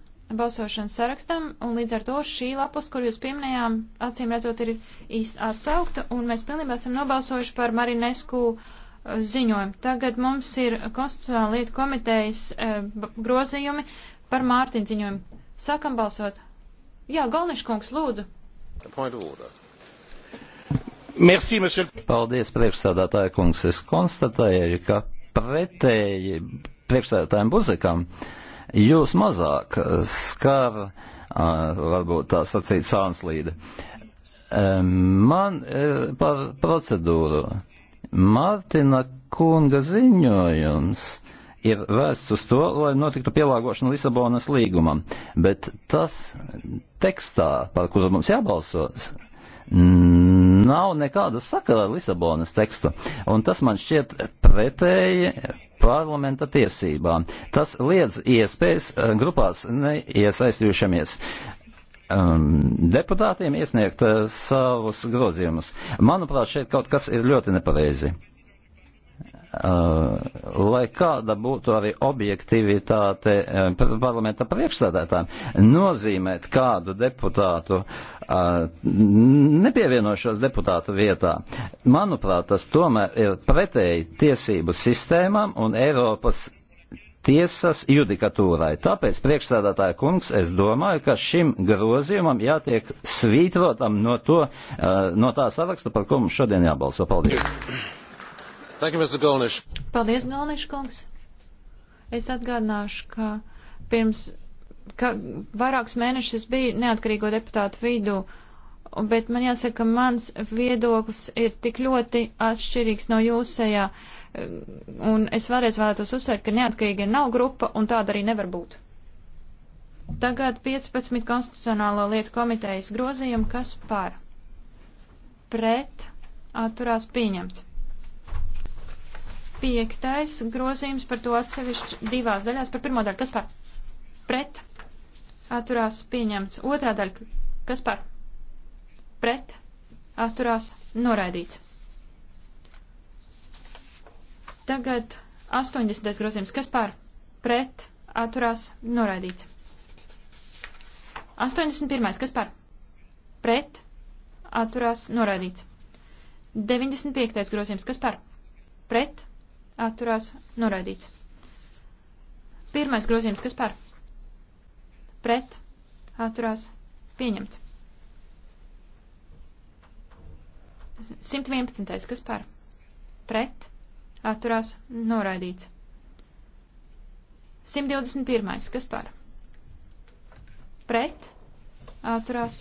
Speaker 2: balsošanas sarakstam, un līdz ar to šī lapus, kur jūs pieminējām, acīm redzot, ir īsti atsaukta, un mēs pilnībā esam nobalsojuši par Marinesku uh, ziņojumu. Tagad mums ir konstitucionāla lieta komitejas e, grozījumi par Mārtiņu ziņojumu. Sākam balsot. Jā, Galniškungs, lūdzu.
Speaker 3: Merci, monsieur. Paldies, priekšstādātāja kungs. Es konstatēju, ka pretēji priekšstādātājiem buzikam jūs mazāk skar, varbūt tā sacīt, sānslīde. Man e, par procedūru Mārtiņa kunga ziņojums ir vērsts uz to, lai notiktu pielāgošana Lisabonas līgumam, bet tas tekstā, par kuru mums jābalsos, nav nekāda sakara ar Lisabonas tekstu, un tas man šķiet pretēji parlamenta tiesībām. Tas liedz iespējas grupās neiesaistījušamies um, deputātiem iesniegt uh, savus grozījumus. Manuprāt, šeit kaut kas ir ļoti nepareizi. Uh, lai kāda būtu arī objektivitāte uh, parlamenta priekšsēdētājiem, nozīmēt kādu deputātu, uh, nepievienošos deputātu vietā, manuprāt, tas tomēr ir pretēji tiesību sistēmām un Eiropas tiesas judikatūrai. Tāpēc, priekšstādātāja kungs, es domāju, ka šim grozījumam jātiek svītrotam no, to, eh, no tā saraksta, par ko mums šodien jābalso. Paldies! Thank you, Mr. Golniš.
Speaker 2: Paldies, Golniš kungs! Es atgādināšu, ka pirms ka vairākus mēnešus biju neatkarīgo deputātu vidū, bet man jāsaka, ka mans viedoklis ir tik ļoti atšķirīgs no jūsējā. Ja Un es vēlreiz vēlētos uzsvērt, ka neatkarīgi nav grupa un tāda arī nevar būt. Tagad 15 konstitucionālo lietu komitejas grozījumu, kas par pret atturās pieņemts. Piektais grozījums par to atsevišķi divās daļās. Par pirmo daļu, kas par pret atturās pieņemts. Otrā daļa, kas par pret atturās noraidīts. Tagad 80. grozījums. Kas pār? Pret. Atturās. Noraidīts. 81. Kas pār? Pret. Atturās. Noraidīts. 95. grozījums. Kas pār? Pret. Atturās. Noraidīts. Pirmais grozījums. Kas pār? Pret. Atturās. Pieņemts. 111. Kas pār? Pret atturās noraidīts. 121. Kas par? Pret atturās.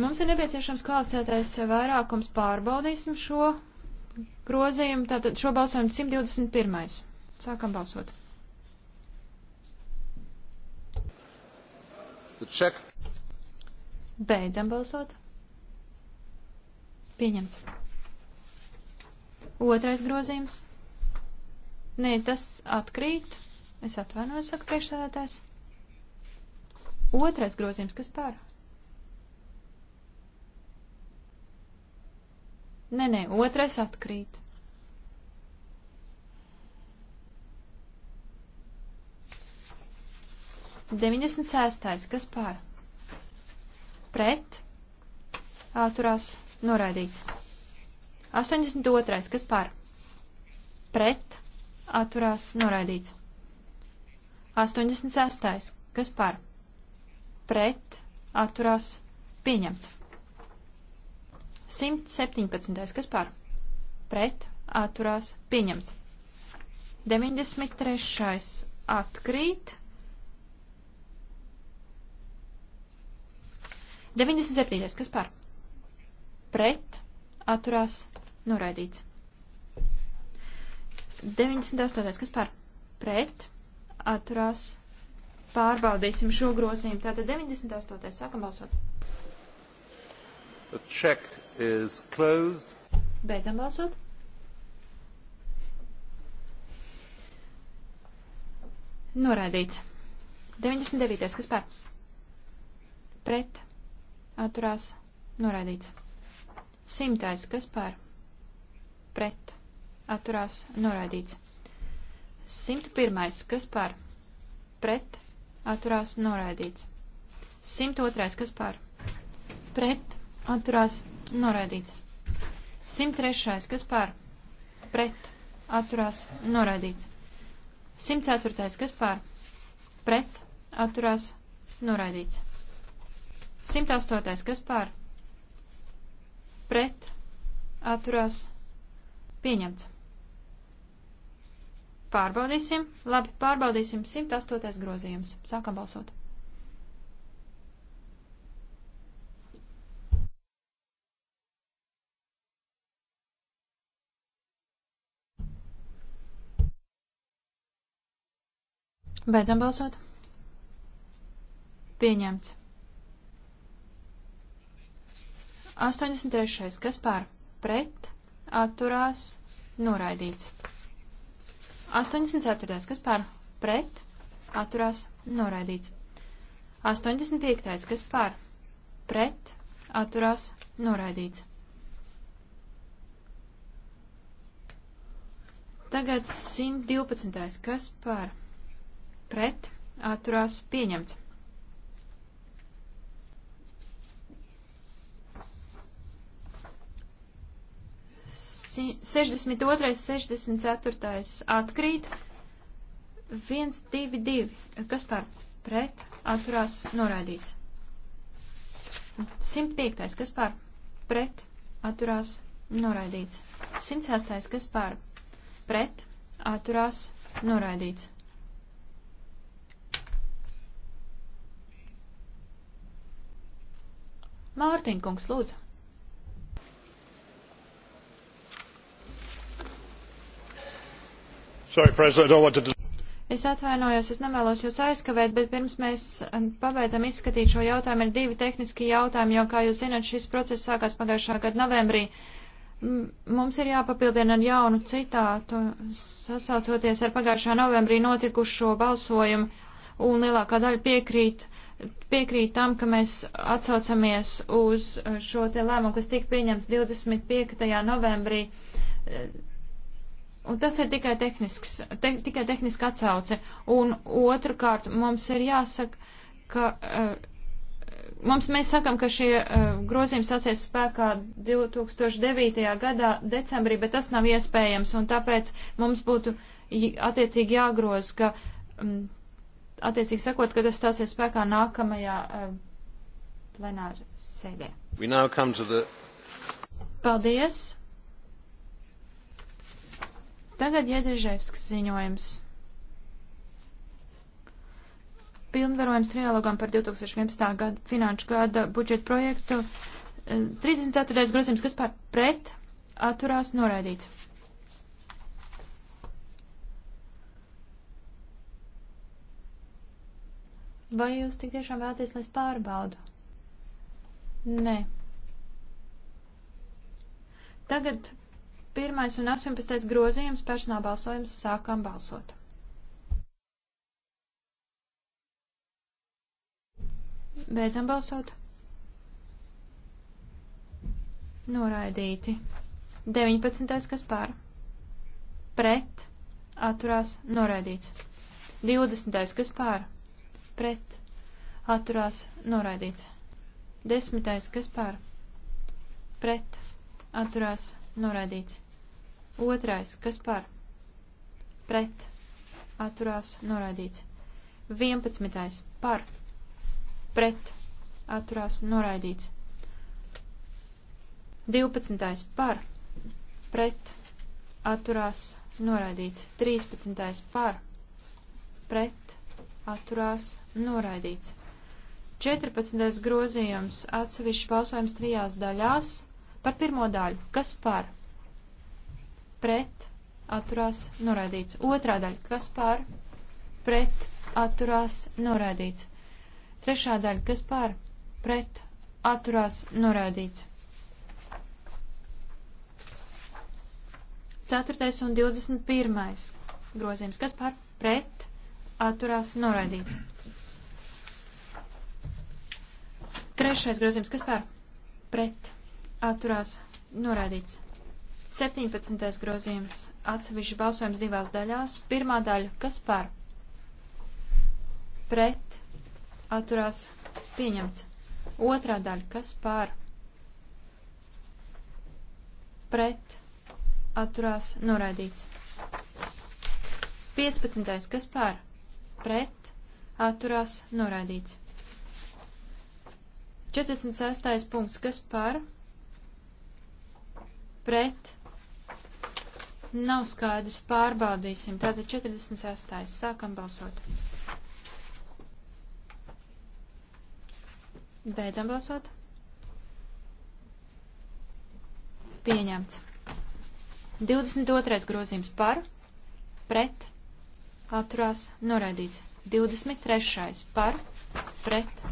Speaker 2: Mums ir nepieciešams kvalificētais vairākums pārbaudīsim šo grozījumu, tātad šo balsojumu 121. Sākam balsot. Check. Beidzam balsot. Pieņemts. Otrais grozījums. Nē, tas atkrīt. Es atvainojos, saka priekšsēdētājs. Otrais grozījums, kas pār? Nē, nē, otrais atkrīt. Deviņdesmit sēstais, kas pār? Pret? Āturās. Noraidīts. 82. Kas par? Pret. Atturās. Noraidīts. 86. Kas par? Pret. Atturās. Pieņemts. 117. Kas par? Pret. Atturās. Pieņemts. 93. Atkrīt. 97. Kas par? pret atturās noraidīts. 98. kas par pret atturās pārbaudīsim šo grozījumu. Tātad 98. sākam balsot.
Speaker 3: The check is closed.
Speaker 2: Beidzam balsot. Noraidīts. 99. kas par? Pret. Atturās. Noraidīts. Simtais, kas par? Pret. Atturās. Noraidīts. 101. Kas par? Pret. Atturās. Noraidīts. 102. Kas par? Pret. Atturās. Noraidīts. 103. Kas par? Pret. Atturās. Noraidīts. 104. Kas par? Pret. Atturās. Noraidīts. 108. Kas par? pret, atturās, pieņemts. Pārbaudīsim, labi, pārbaudīsim 108. grozījums. Sākam balsot. Beidzam balsot. Pieņemts. 83. kas par pret atturās noraidīts. 84. kas par pret atturās noraidīts. 85. kas par pret atturās noraidīts. Tagad 112. kas par pret atturās pieņemts. 62, 64 atkrīt, 1, 2, 2, kas par pret atturās noraidīts. 105. kas par pret atturās noraidīts. 106. kas par pret atturās noraidīts. Mārtiņkungs, lūdzu.
Speaker 1: Sorry, President, I don't want to...
Speaker 2: Es atvainojos, es nevēlos jūs aizkavēt, bet pirms mēs um, pabeidzam izskatīt šo jautājumu, ir divi tehniski jautājumi, jo, kā jūs zināt, šis process sākās pagājušā gada novembrī. Mums ir jāpapildina ar jaunu citātu, sasaucoties ar pagājušā novembrī notikušo balsojumu, un lielākā daļa piekrīt, piekrīt tam, ka mēs atsaucamies uz uh, šo te lēmumu, kas tika pieņemts 25. novembrī Un tas ir tikai, tehnisks, te, tikai tehniska atsauce. Un otrkārt, mums ir jāsaka, ka uh, mums mēs sakam, ka šie uh, grozījums stāsies spēkā 2009. gadā decembrī, bet tas nav iespējams. Un tāpēc mums būtu attiecīgi jāgroz, ka, um, attiecīgi sakot, ka tas stāsies spēkā nākamajā uh, plenāra sēdē.
Speaker 3: The...
Speaker 2: Paldies! Tagad Jedriževskas ziņojums. Pilnvarojums trialogam par 2011. gada finanšu gada budžetu projektu. 34. E, grozījums, kas par pret atturās noraidīts. Vai jūs tik tiešām vēlaties, lai es pārbaudu? Nē. Tagad 1. un 18. grozījums personāla balsojums sākam balsot. Beidzam balsot. Noraidīti. 19. kas pār. Pret. Atturās. Noraidīts. 20. kas pār. Pret. Atturās. Noraidīts. 10. kas pār. Pret. Atturās noraidīts. Otrais, kas par, pret, atturās, noraidīts. Vienpadsmitais, par, pret, atturās, noraidīts. Divpadsmitais, par, pret, atturās, noraidīts. Trīspadsmitais, par, pret, atturās, noraidīts. 14. grozījums atsevišķi balsojums trijās daļās. Par pirmo daļu, kas par, pret, atturās, noraidīts. Otrā daļa, kas par, pret, atturās, noraidīts. Trešā daļa, kas par, pret, atturās, noraidīts. Ceturtais un 21. grozījums, kas par, pret, atturās, noraidīts. Trešais grozījums, kas par, pret, atturās norādīts. 17. grozījums atsevišķi balsojums divās daļās. Pirmā daļa, kas par, pret, atturās, pieņemts. Otrā daļa, kas par, pret, atturās, noraidīts. 15. kas par, pret, atturās, noraidīts. 46. punkts, kas par, pret, pret, nav skaidrs, pārbaudīsim. Tātad 46. sākam balsot. Beidzam balsot. Pieņemts. 22. grozījums par, pret, atturās, noraidīts. 23. par, pret,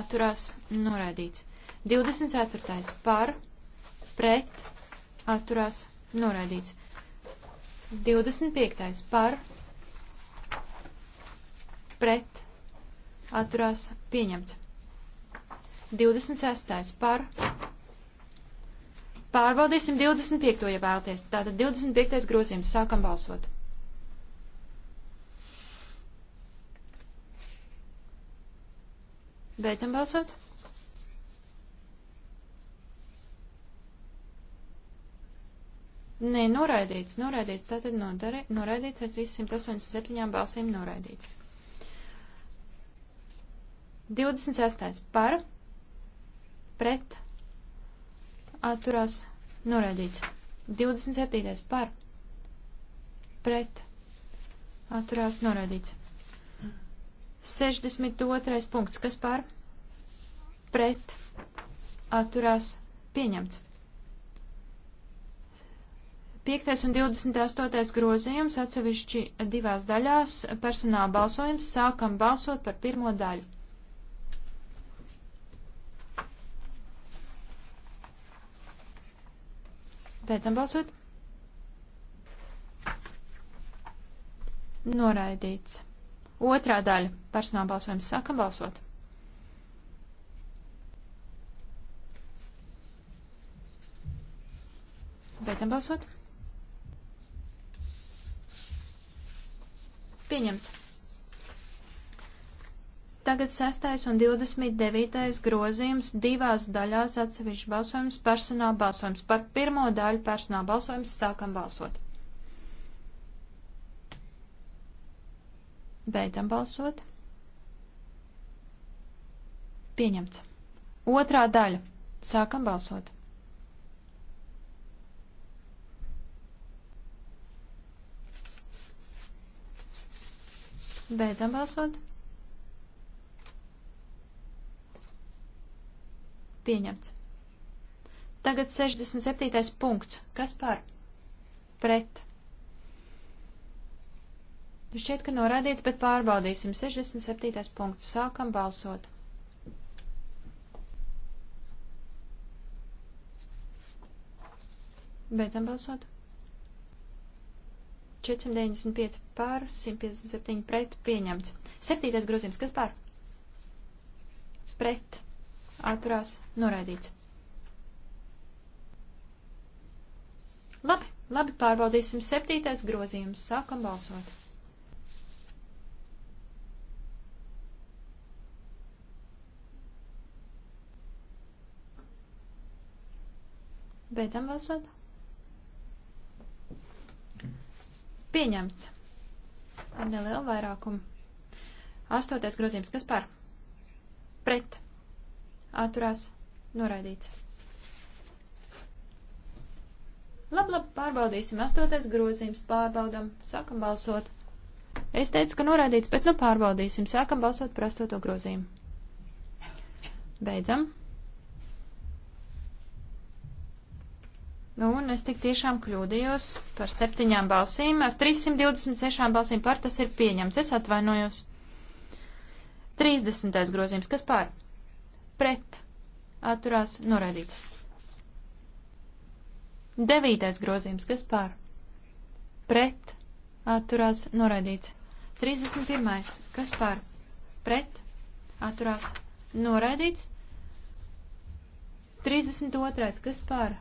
Speaker 2: atturās, noraidīts. 24. par, pret, atturās noraidīts. 25. par pret atturās pieņemts. 26. par pārbaudīsim 25. ja vēlaties. Tātad 25. grozījums sākam balsot. Beidzam balsot. Nē, noraidīts, noraidīts, tātad nodare, noraidīts ar 387 balsīm noraidīts. 26. par, pret, atturās, noraidīts. 27. par, pret, atturās, noraidīts. 62. punkts, kas par, pret, atturās, pieņemts. 5. un 28. grozījums atsevišķi divās daļās personāla balsojums. Sākam balsot par pirmo daļu. Beidzam balsot. Noraidīts. Otrā daļa personāla balsojums. Sākam balsot. Beidzam balsot. Pieņemts. Tagad 6. un 29. grozījums divās daļās atsevišķi balsojums, personāla balsojums. Par pirmo daļu personāla balsojums sākam balsot. Beidzam balsot. Pieņemts. Otrā daļa. Sākam balsot. Beidzam balsot. Pieņemts. Tagad 67. punkts. Kas par? Pret. Šķiet, ka norādīts, bet pārbaudīsim. 67. punkts. Sākam balsot. Beidzam balsot. 495 pār, 157 pret, pieņemts. Septītais grozījums, kas pār? Pret, atturās, noraidīts. Labi, labi, pārbaudīsim septītais grozījums. Sākam balsot. Beidzam balsot. Pieņemts. Ar nelielu vairākumu. Astoties grozījums. Kas par? Pret. Atturās. Noraidīts. Lab, lab, pārbaudīsim. Astoties grozījums. Pārbaudam. Sākam balsot. Es teicu, ka noraidīts, bet nu pārbaudīsim. Sākam balsot par astoto grozījumu. Beidzam. Nu, un es tik tiešām kļūdījos par septiņām balsīm. Ar 326 balsīm par tas ir pieņemts. Es atvainojos. 30. grozījums. Kas pār? Pret. Atturās. Noraidīts. 9. grozījums. Kas pār? Pret. Atturās. Noraidīts. 31. Kas pār? Pret. Atturās. Noraidīts. 32. Kas pār?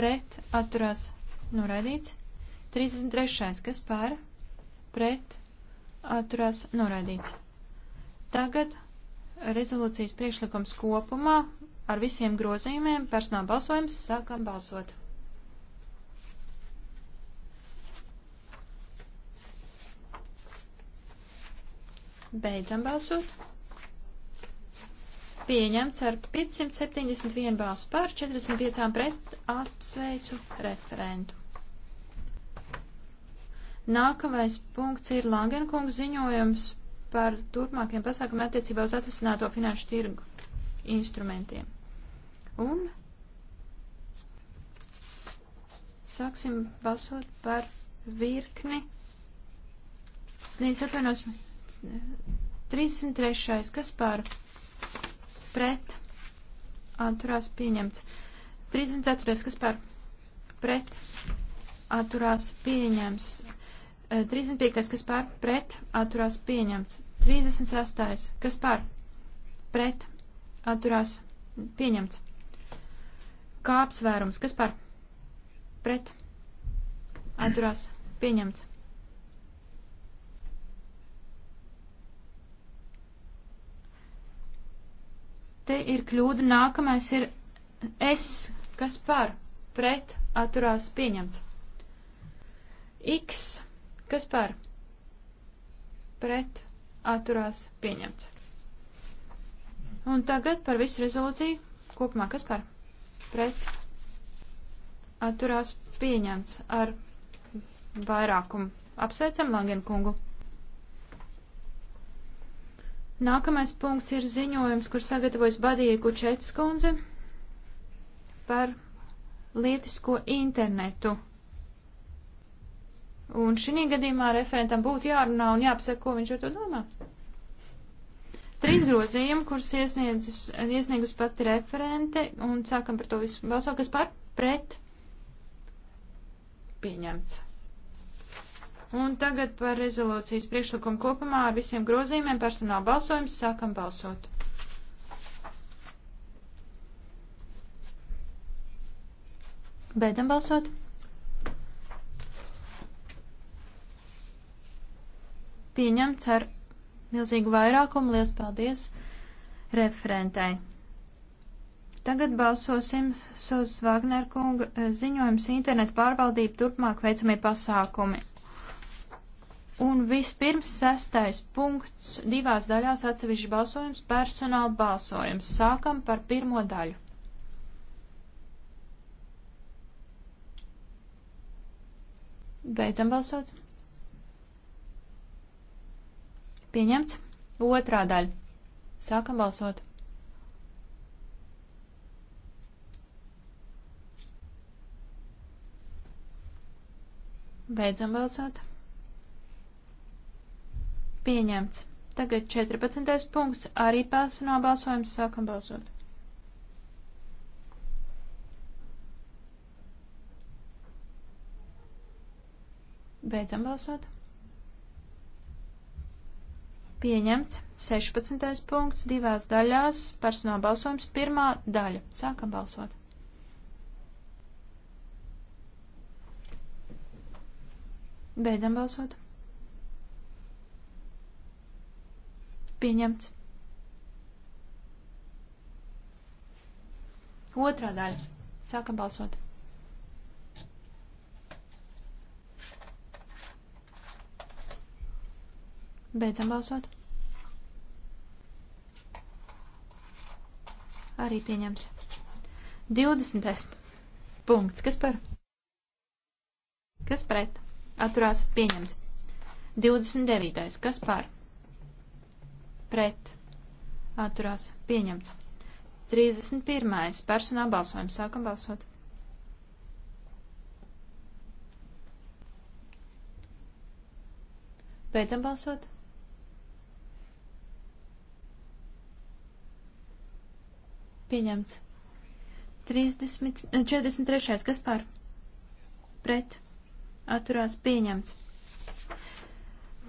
Speaker 2: pret, atturās, noraidīts. 33. kas par, pret, atturās, noraidīts. Tagad rezolūcijas priekšlikums kopumā ar visiem grozījumiem personāla balsojums sākam balsot. Beidzam balsot. Pieņemts ar 571 balsu par, 45 pret, Apsveicu referentu. Nākamais punkts ir Langenkungs ziņojums par turpmākiem pasākumiem attiecībā uz atvesināto finanšu tirgu instrumentiem. Un sāksim balsot par virkni. Nē, es atvainos. 33. kas par pret atturās pieņemts. 34. kas par pret atturās pieņems. 35. kas par pret atturās pieņemts. 36. kas par pret atturās pieņemts. Kā apsvērums, kas par pret atturās pieņemts. Te ir kļūda, nākamais ir es kas par, pret, atturās pieņemts. X, kas par, pret, atturās pieņemts. Un tagad par visu rezolūciju kopumā, kas par, pret, atturās pieņemts ar vairākumu. Apsveicam Langenu kungu. Nākamais punkts ir ziņojums, kur sagatavojas Badija Kučets kundze par lietisko internetu. Un šī gadījumā referentam būtu jārunā un jāpasaka, ko viņš ar to domā. Trīs grozījumi, kurus iesniegus pati referente, un sākam par to visu balso, kas par pret pieņemts. Un tagad par rezolūcijas priekšlikumu kopumā ar visiem grozījumiem personāla balsojums sākam balsot. Beidzam balsot. Pieņemts ar milzīgu vairākumu. Lielas paldies referentai. Tagad balsosim uz Vagner kunga eh, ziņojums internetu pārvaldību turpmāk veicamie pasākumi. Un vispirms sestais punkts divās daļās atsevišķi balsojums, personāla balsojums. Sākam par pirmo daļu. Beidzam balsot. Pieņemts. Otrā daļa. Sākam balsot. Beidzam balsot. Pieņemts. Tagad 14. punkts. Arī pēc nobalsojums sākam balsot. Beidzam balsot. Pieņemts 16. punkts divās daļās personāla balsojums pirmā daļa. Sākam balsot. Beidzam balsot. Pieņemts. Otrā daļa. Sākam balsot. Beidzam balsot. Arī pieņemts. 20. punkts. Kas par? Kas pret? Atturās pieņemts. 29. Kas par? Pret. Atturās pieņemts. 31. Personāla balsojums. Sākam balsot. Beidzam balsot. Pieņemts. 30, 43. Eh, kas par? Pret. Atturās. Pieņemts.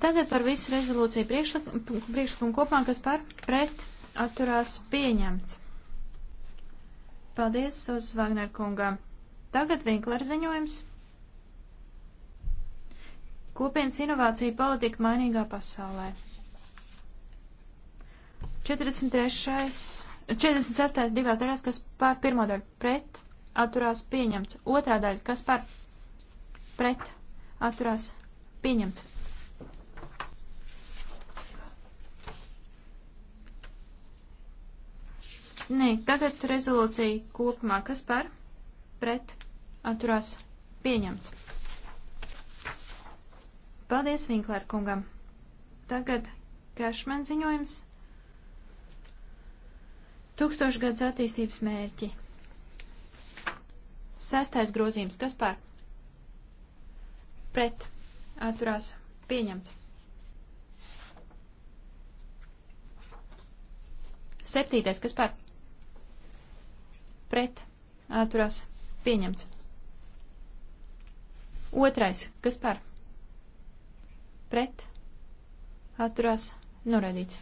Speaker 2: Tagad par visu rezolūciju priekšlikumu kopumā, kas par? Pret. Atturās. Pieņemts. Paldies uz Vagner kungām. Tagad Vinklera ziņojums. Kopienas inovācija politika mainīgā pasaulē. 43. 46. divās daļās, kas par pirmo daļu pret atturās pieņemts. Otrā daļa, kas par pret atturās pieņemts. Nē, tagad rezolūcija kopumā, kas par pret atturās pieņemts. Paldies Vinklēr kungam. Tagad Kešmen ziņojums. Tūkstošgads attīstības mērķi. Sestais grozījums. Kas pār? Pret. Atturās. Pieņemts. Septītais. Kas pār? Pret. Atturās. Pieņemts. Otrais. Kas pār? Pret. Atturās. Noraidīts.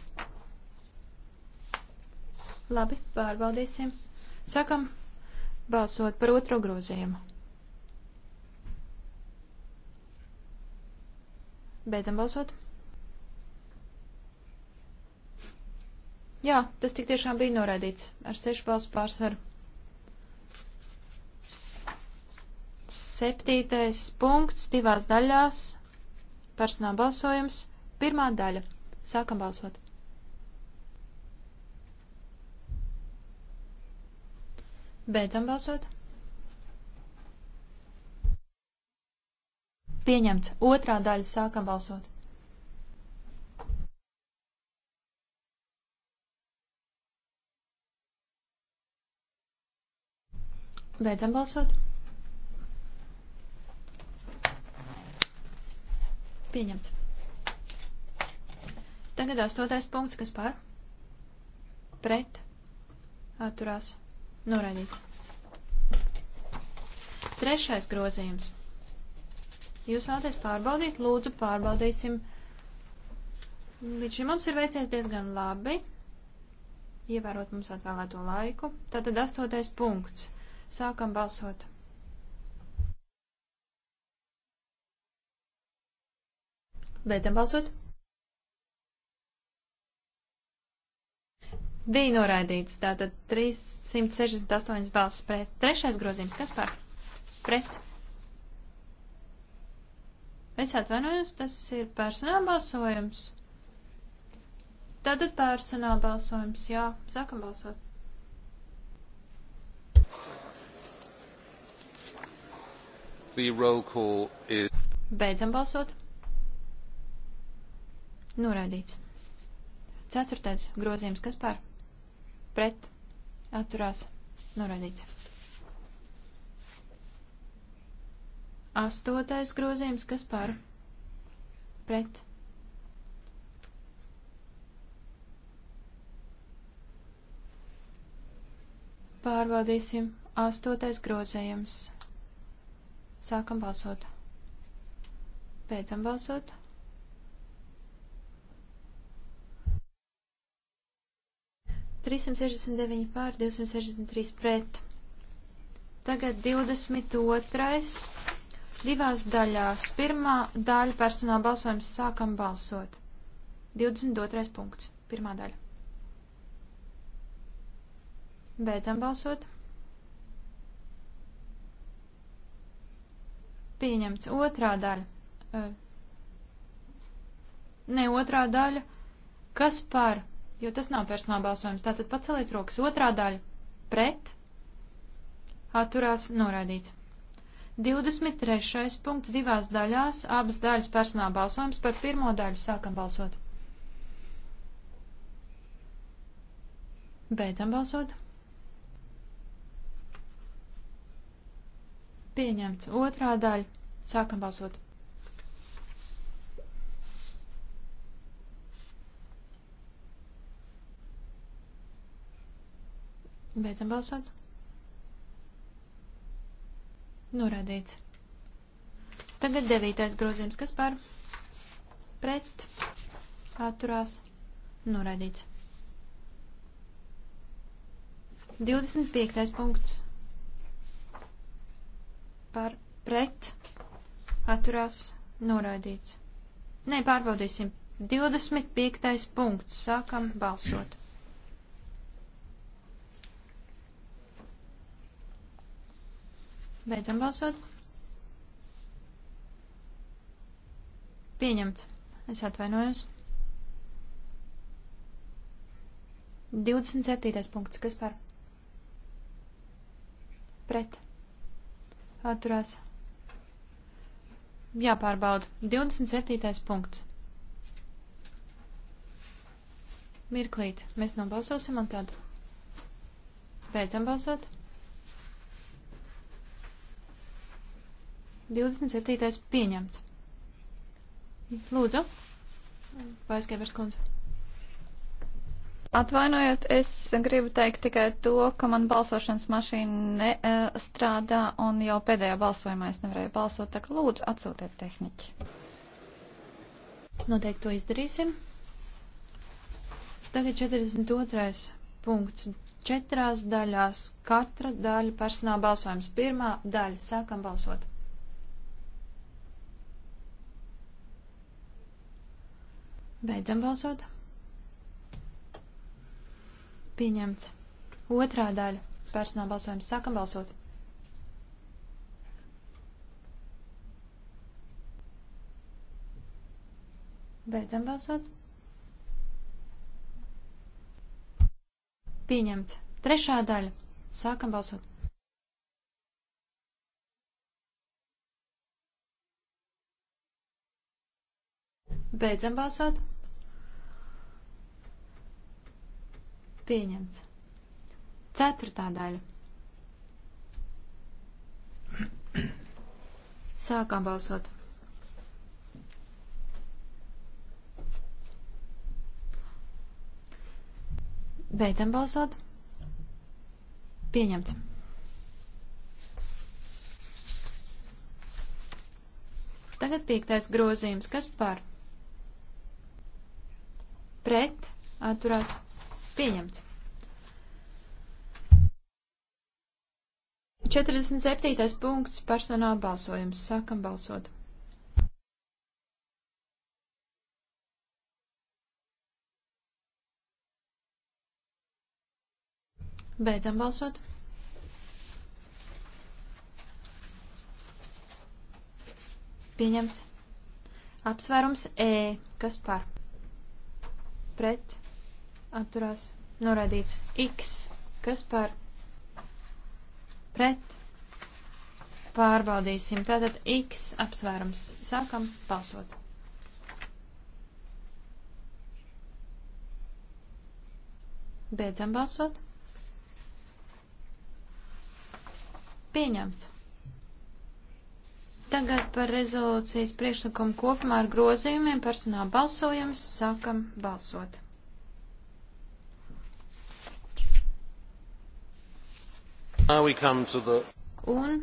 Speaker 2: Labi, pārbaudīsim. Sakam balsot par otro grozījumu. Beidzam balsot. Jā, tas tik tiešām bija noraidīts ar sešu balsu pārsvaru. Septītais punkts divās daļās. Personāla balsojums. Pirmā daļa. Sākam balsot. Beidzam balsot. Pieņemts. Otrā daļa sākam balsot. Beidzam balsot. Pieņemts. Tagad astotais punkts, kas par? Pret. Atturās. Noraidīts. Trešais grozījums. Jūs vēlaties pārbaudīt? Lūdzu, pārbaudīsim. Līdz šim mums ir veicies diezgan labi, ievērot mums atvēlēto laiku. Tātad astotais punkts. Sākam balsot. Beidzam balsot. Bija noraidīts tātad 368 balsis pret. Trešais grozījums, kas par? Pret. Es atvainojos, tas ir personāla balsojums. Tātad personāla balsojums, jā, sākam balsot.
Speaker 3: The roll call is...
Speaker 2: Beidzam balsot. Noraidīts. Ceturtais grozījums, kas par? pret atturās noraidīts. Astotais grozījums, kas par pret. Pārbaudīsim astotais grozījums. Sākam balsot. Beidzam balsot. 369 pār 263 pret. Tagad 22. divās daļās. Pirmā daļa personāla balsojums sākam balsot. 22. punkts. Pirmā daļa. Beidzam balsot. Pieņemts otrā daļa. Ne otrā daļa. Kas par jo tas nav personāla balsojums. Tātad paceliet rokas. Otrā daļa pret atturās noraidīts. 23. punkts divās daļās, abas daļas personāla balsojums par pirmo daļu sākam balsot. Beidzam balsot. Pieņemts otrā daļa. Sākam balsot. Beidzam balsot. Norādīts. Tagad devītais grozījums, kas par pret atturās norādīts. 25. punkts par pret atturās norādīts. Nē, pārbaudīsim. 25. punkts. Sākam balsot. Beidzam balsot. Pieņemts. Es atvainojos. 27. punkts. Kas par? Pret. Atturās. Jāpārbauda. 27. punkts. Mirklīt. Mēs nobalsosim un tad. Beidzam balsot. 27. pieņemts. Lūdzu, Vaiskēvers kundze. Atvainojiet, es gribu
Speaker 4: teikt tikai to, ka man balsošanas mašīna ne, uh, strādā un jau pēdējā
Speaker 2: balsojumā es nevarēju balsot, tā ka lūdzu atsūtiet tehniķi. Noteikti to izdarīsim. Tagad 42. punkts. Četrās daļās katra daļa personāla balsojums. Pirmā daļa. Sākam balsot. Beidzam balsot. Pieņemts. Otrā daļa. Personāla balsojums. Sākam balsot. Beidzam balsot. Pieņemts. Trešā daļa. Sākam balsot. Beidzam balsot. Pieņemts. Ceturtā daļa. Sākām balsot. Beidzam balsot. Pieņemts. Tagad piektais grozījums. Kas par? pret, atturās, pieņemts. 47. punkts personāla balsojums. Sākam balsot. Beidzam balsot. Pieņemts. Apsvērums E. Kas par? pret, atturās, noraidīts. X, kas par, pret, pārbaudīsim. Tātad X apsvērums. Sākam balsot. Beidzam balsot. Pieņemts. Tagad par rezolūcijas priekšlikumu kopumā ar grozījumiem personāla balsojums sākam balsot.
Speaker 3: The...
Speaker 2: Un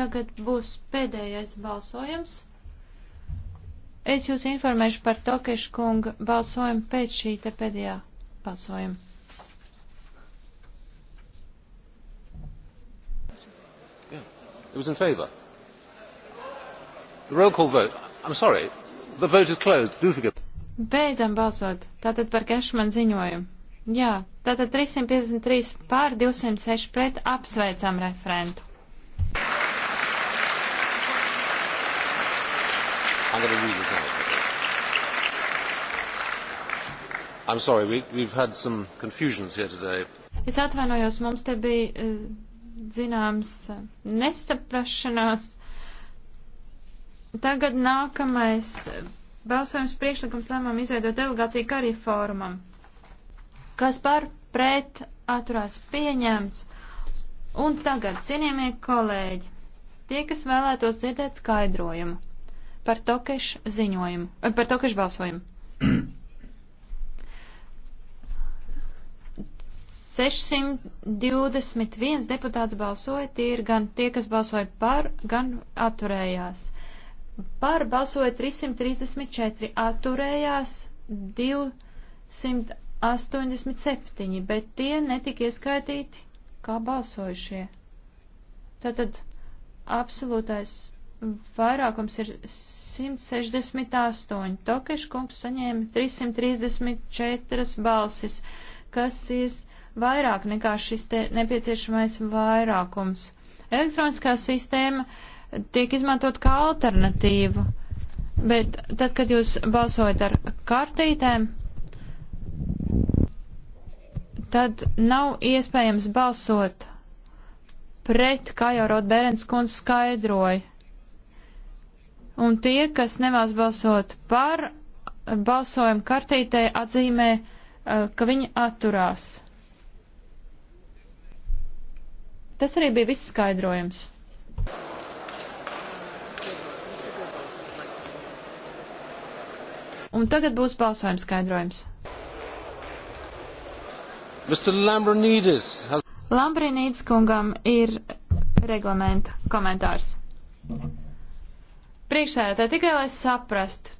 Speaker 2: tagad būs pēdējais balsojums. Es jūs informēšu par Tokešu kunga balsojumu pēc šī te pēdējā balsojuma.
Speaker 3: It was in favour. The roll call vote. I'm sorry. The vote is closed. Do forget.
Speaker 2: Beidzam balsot. Tātad par Kešmanu ziņojumu. Jā, tātad 353 pār 206 pret apsveicam referentu.
Speaker 3: I'm going to read this out. I'm sorry, we, we've had some confusions here today.
Speaker 2: Es atvainojos, mums te bija uh, zināms nesaprašanās. Tagad nākamais balsojums priekšlikums lēmām izveidot delegāciju Karī fórumam, kas par pret atturās pieņemts. Un tagad, cienījamie kolēģi, tie, kas vēlētos dzirdēt skaidrojumu par tokešu ziņojumu, eh, par tokešu balsojumu. 621 deputāts balsoja, tie ir gan tie, kas balsoja par, gan atturējās. Par balsoja 334, atturējās 287, bet tie netika ieskaitīti kā balsojušie. Tātad absolūtais vairākums ir 168. Tokeškungs saņēma 334 balsis, kas ir vairāk nekā šis nepieciešamais vairākums. Elektroniskā sistēma tiek izmantot kā alternatīva, bet tad, kad jūs balsojat ar kartītēm, tad nav iespējams balsot pret, kā jau Rotbērens kundze skaidroja. Un tie, kas nemās balsot par balsojumu kartītē, atzīmē, eh, ka viņi atturās. Tas arī bija viss skaidrojums. Un tagad būs balsojums skaidrojums.
Speaker 4: Lambrinīdis
Speaker 2: has... kungam ir reglamenta komentārs. Priekšsēdētāji, tikai lai saprastu,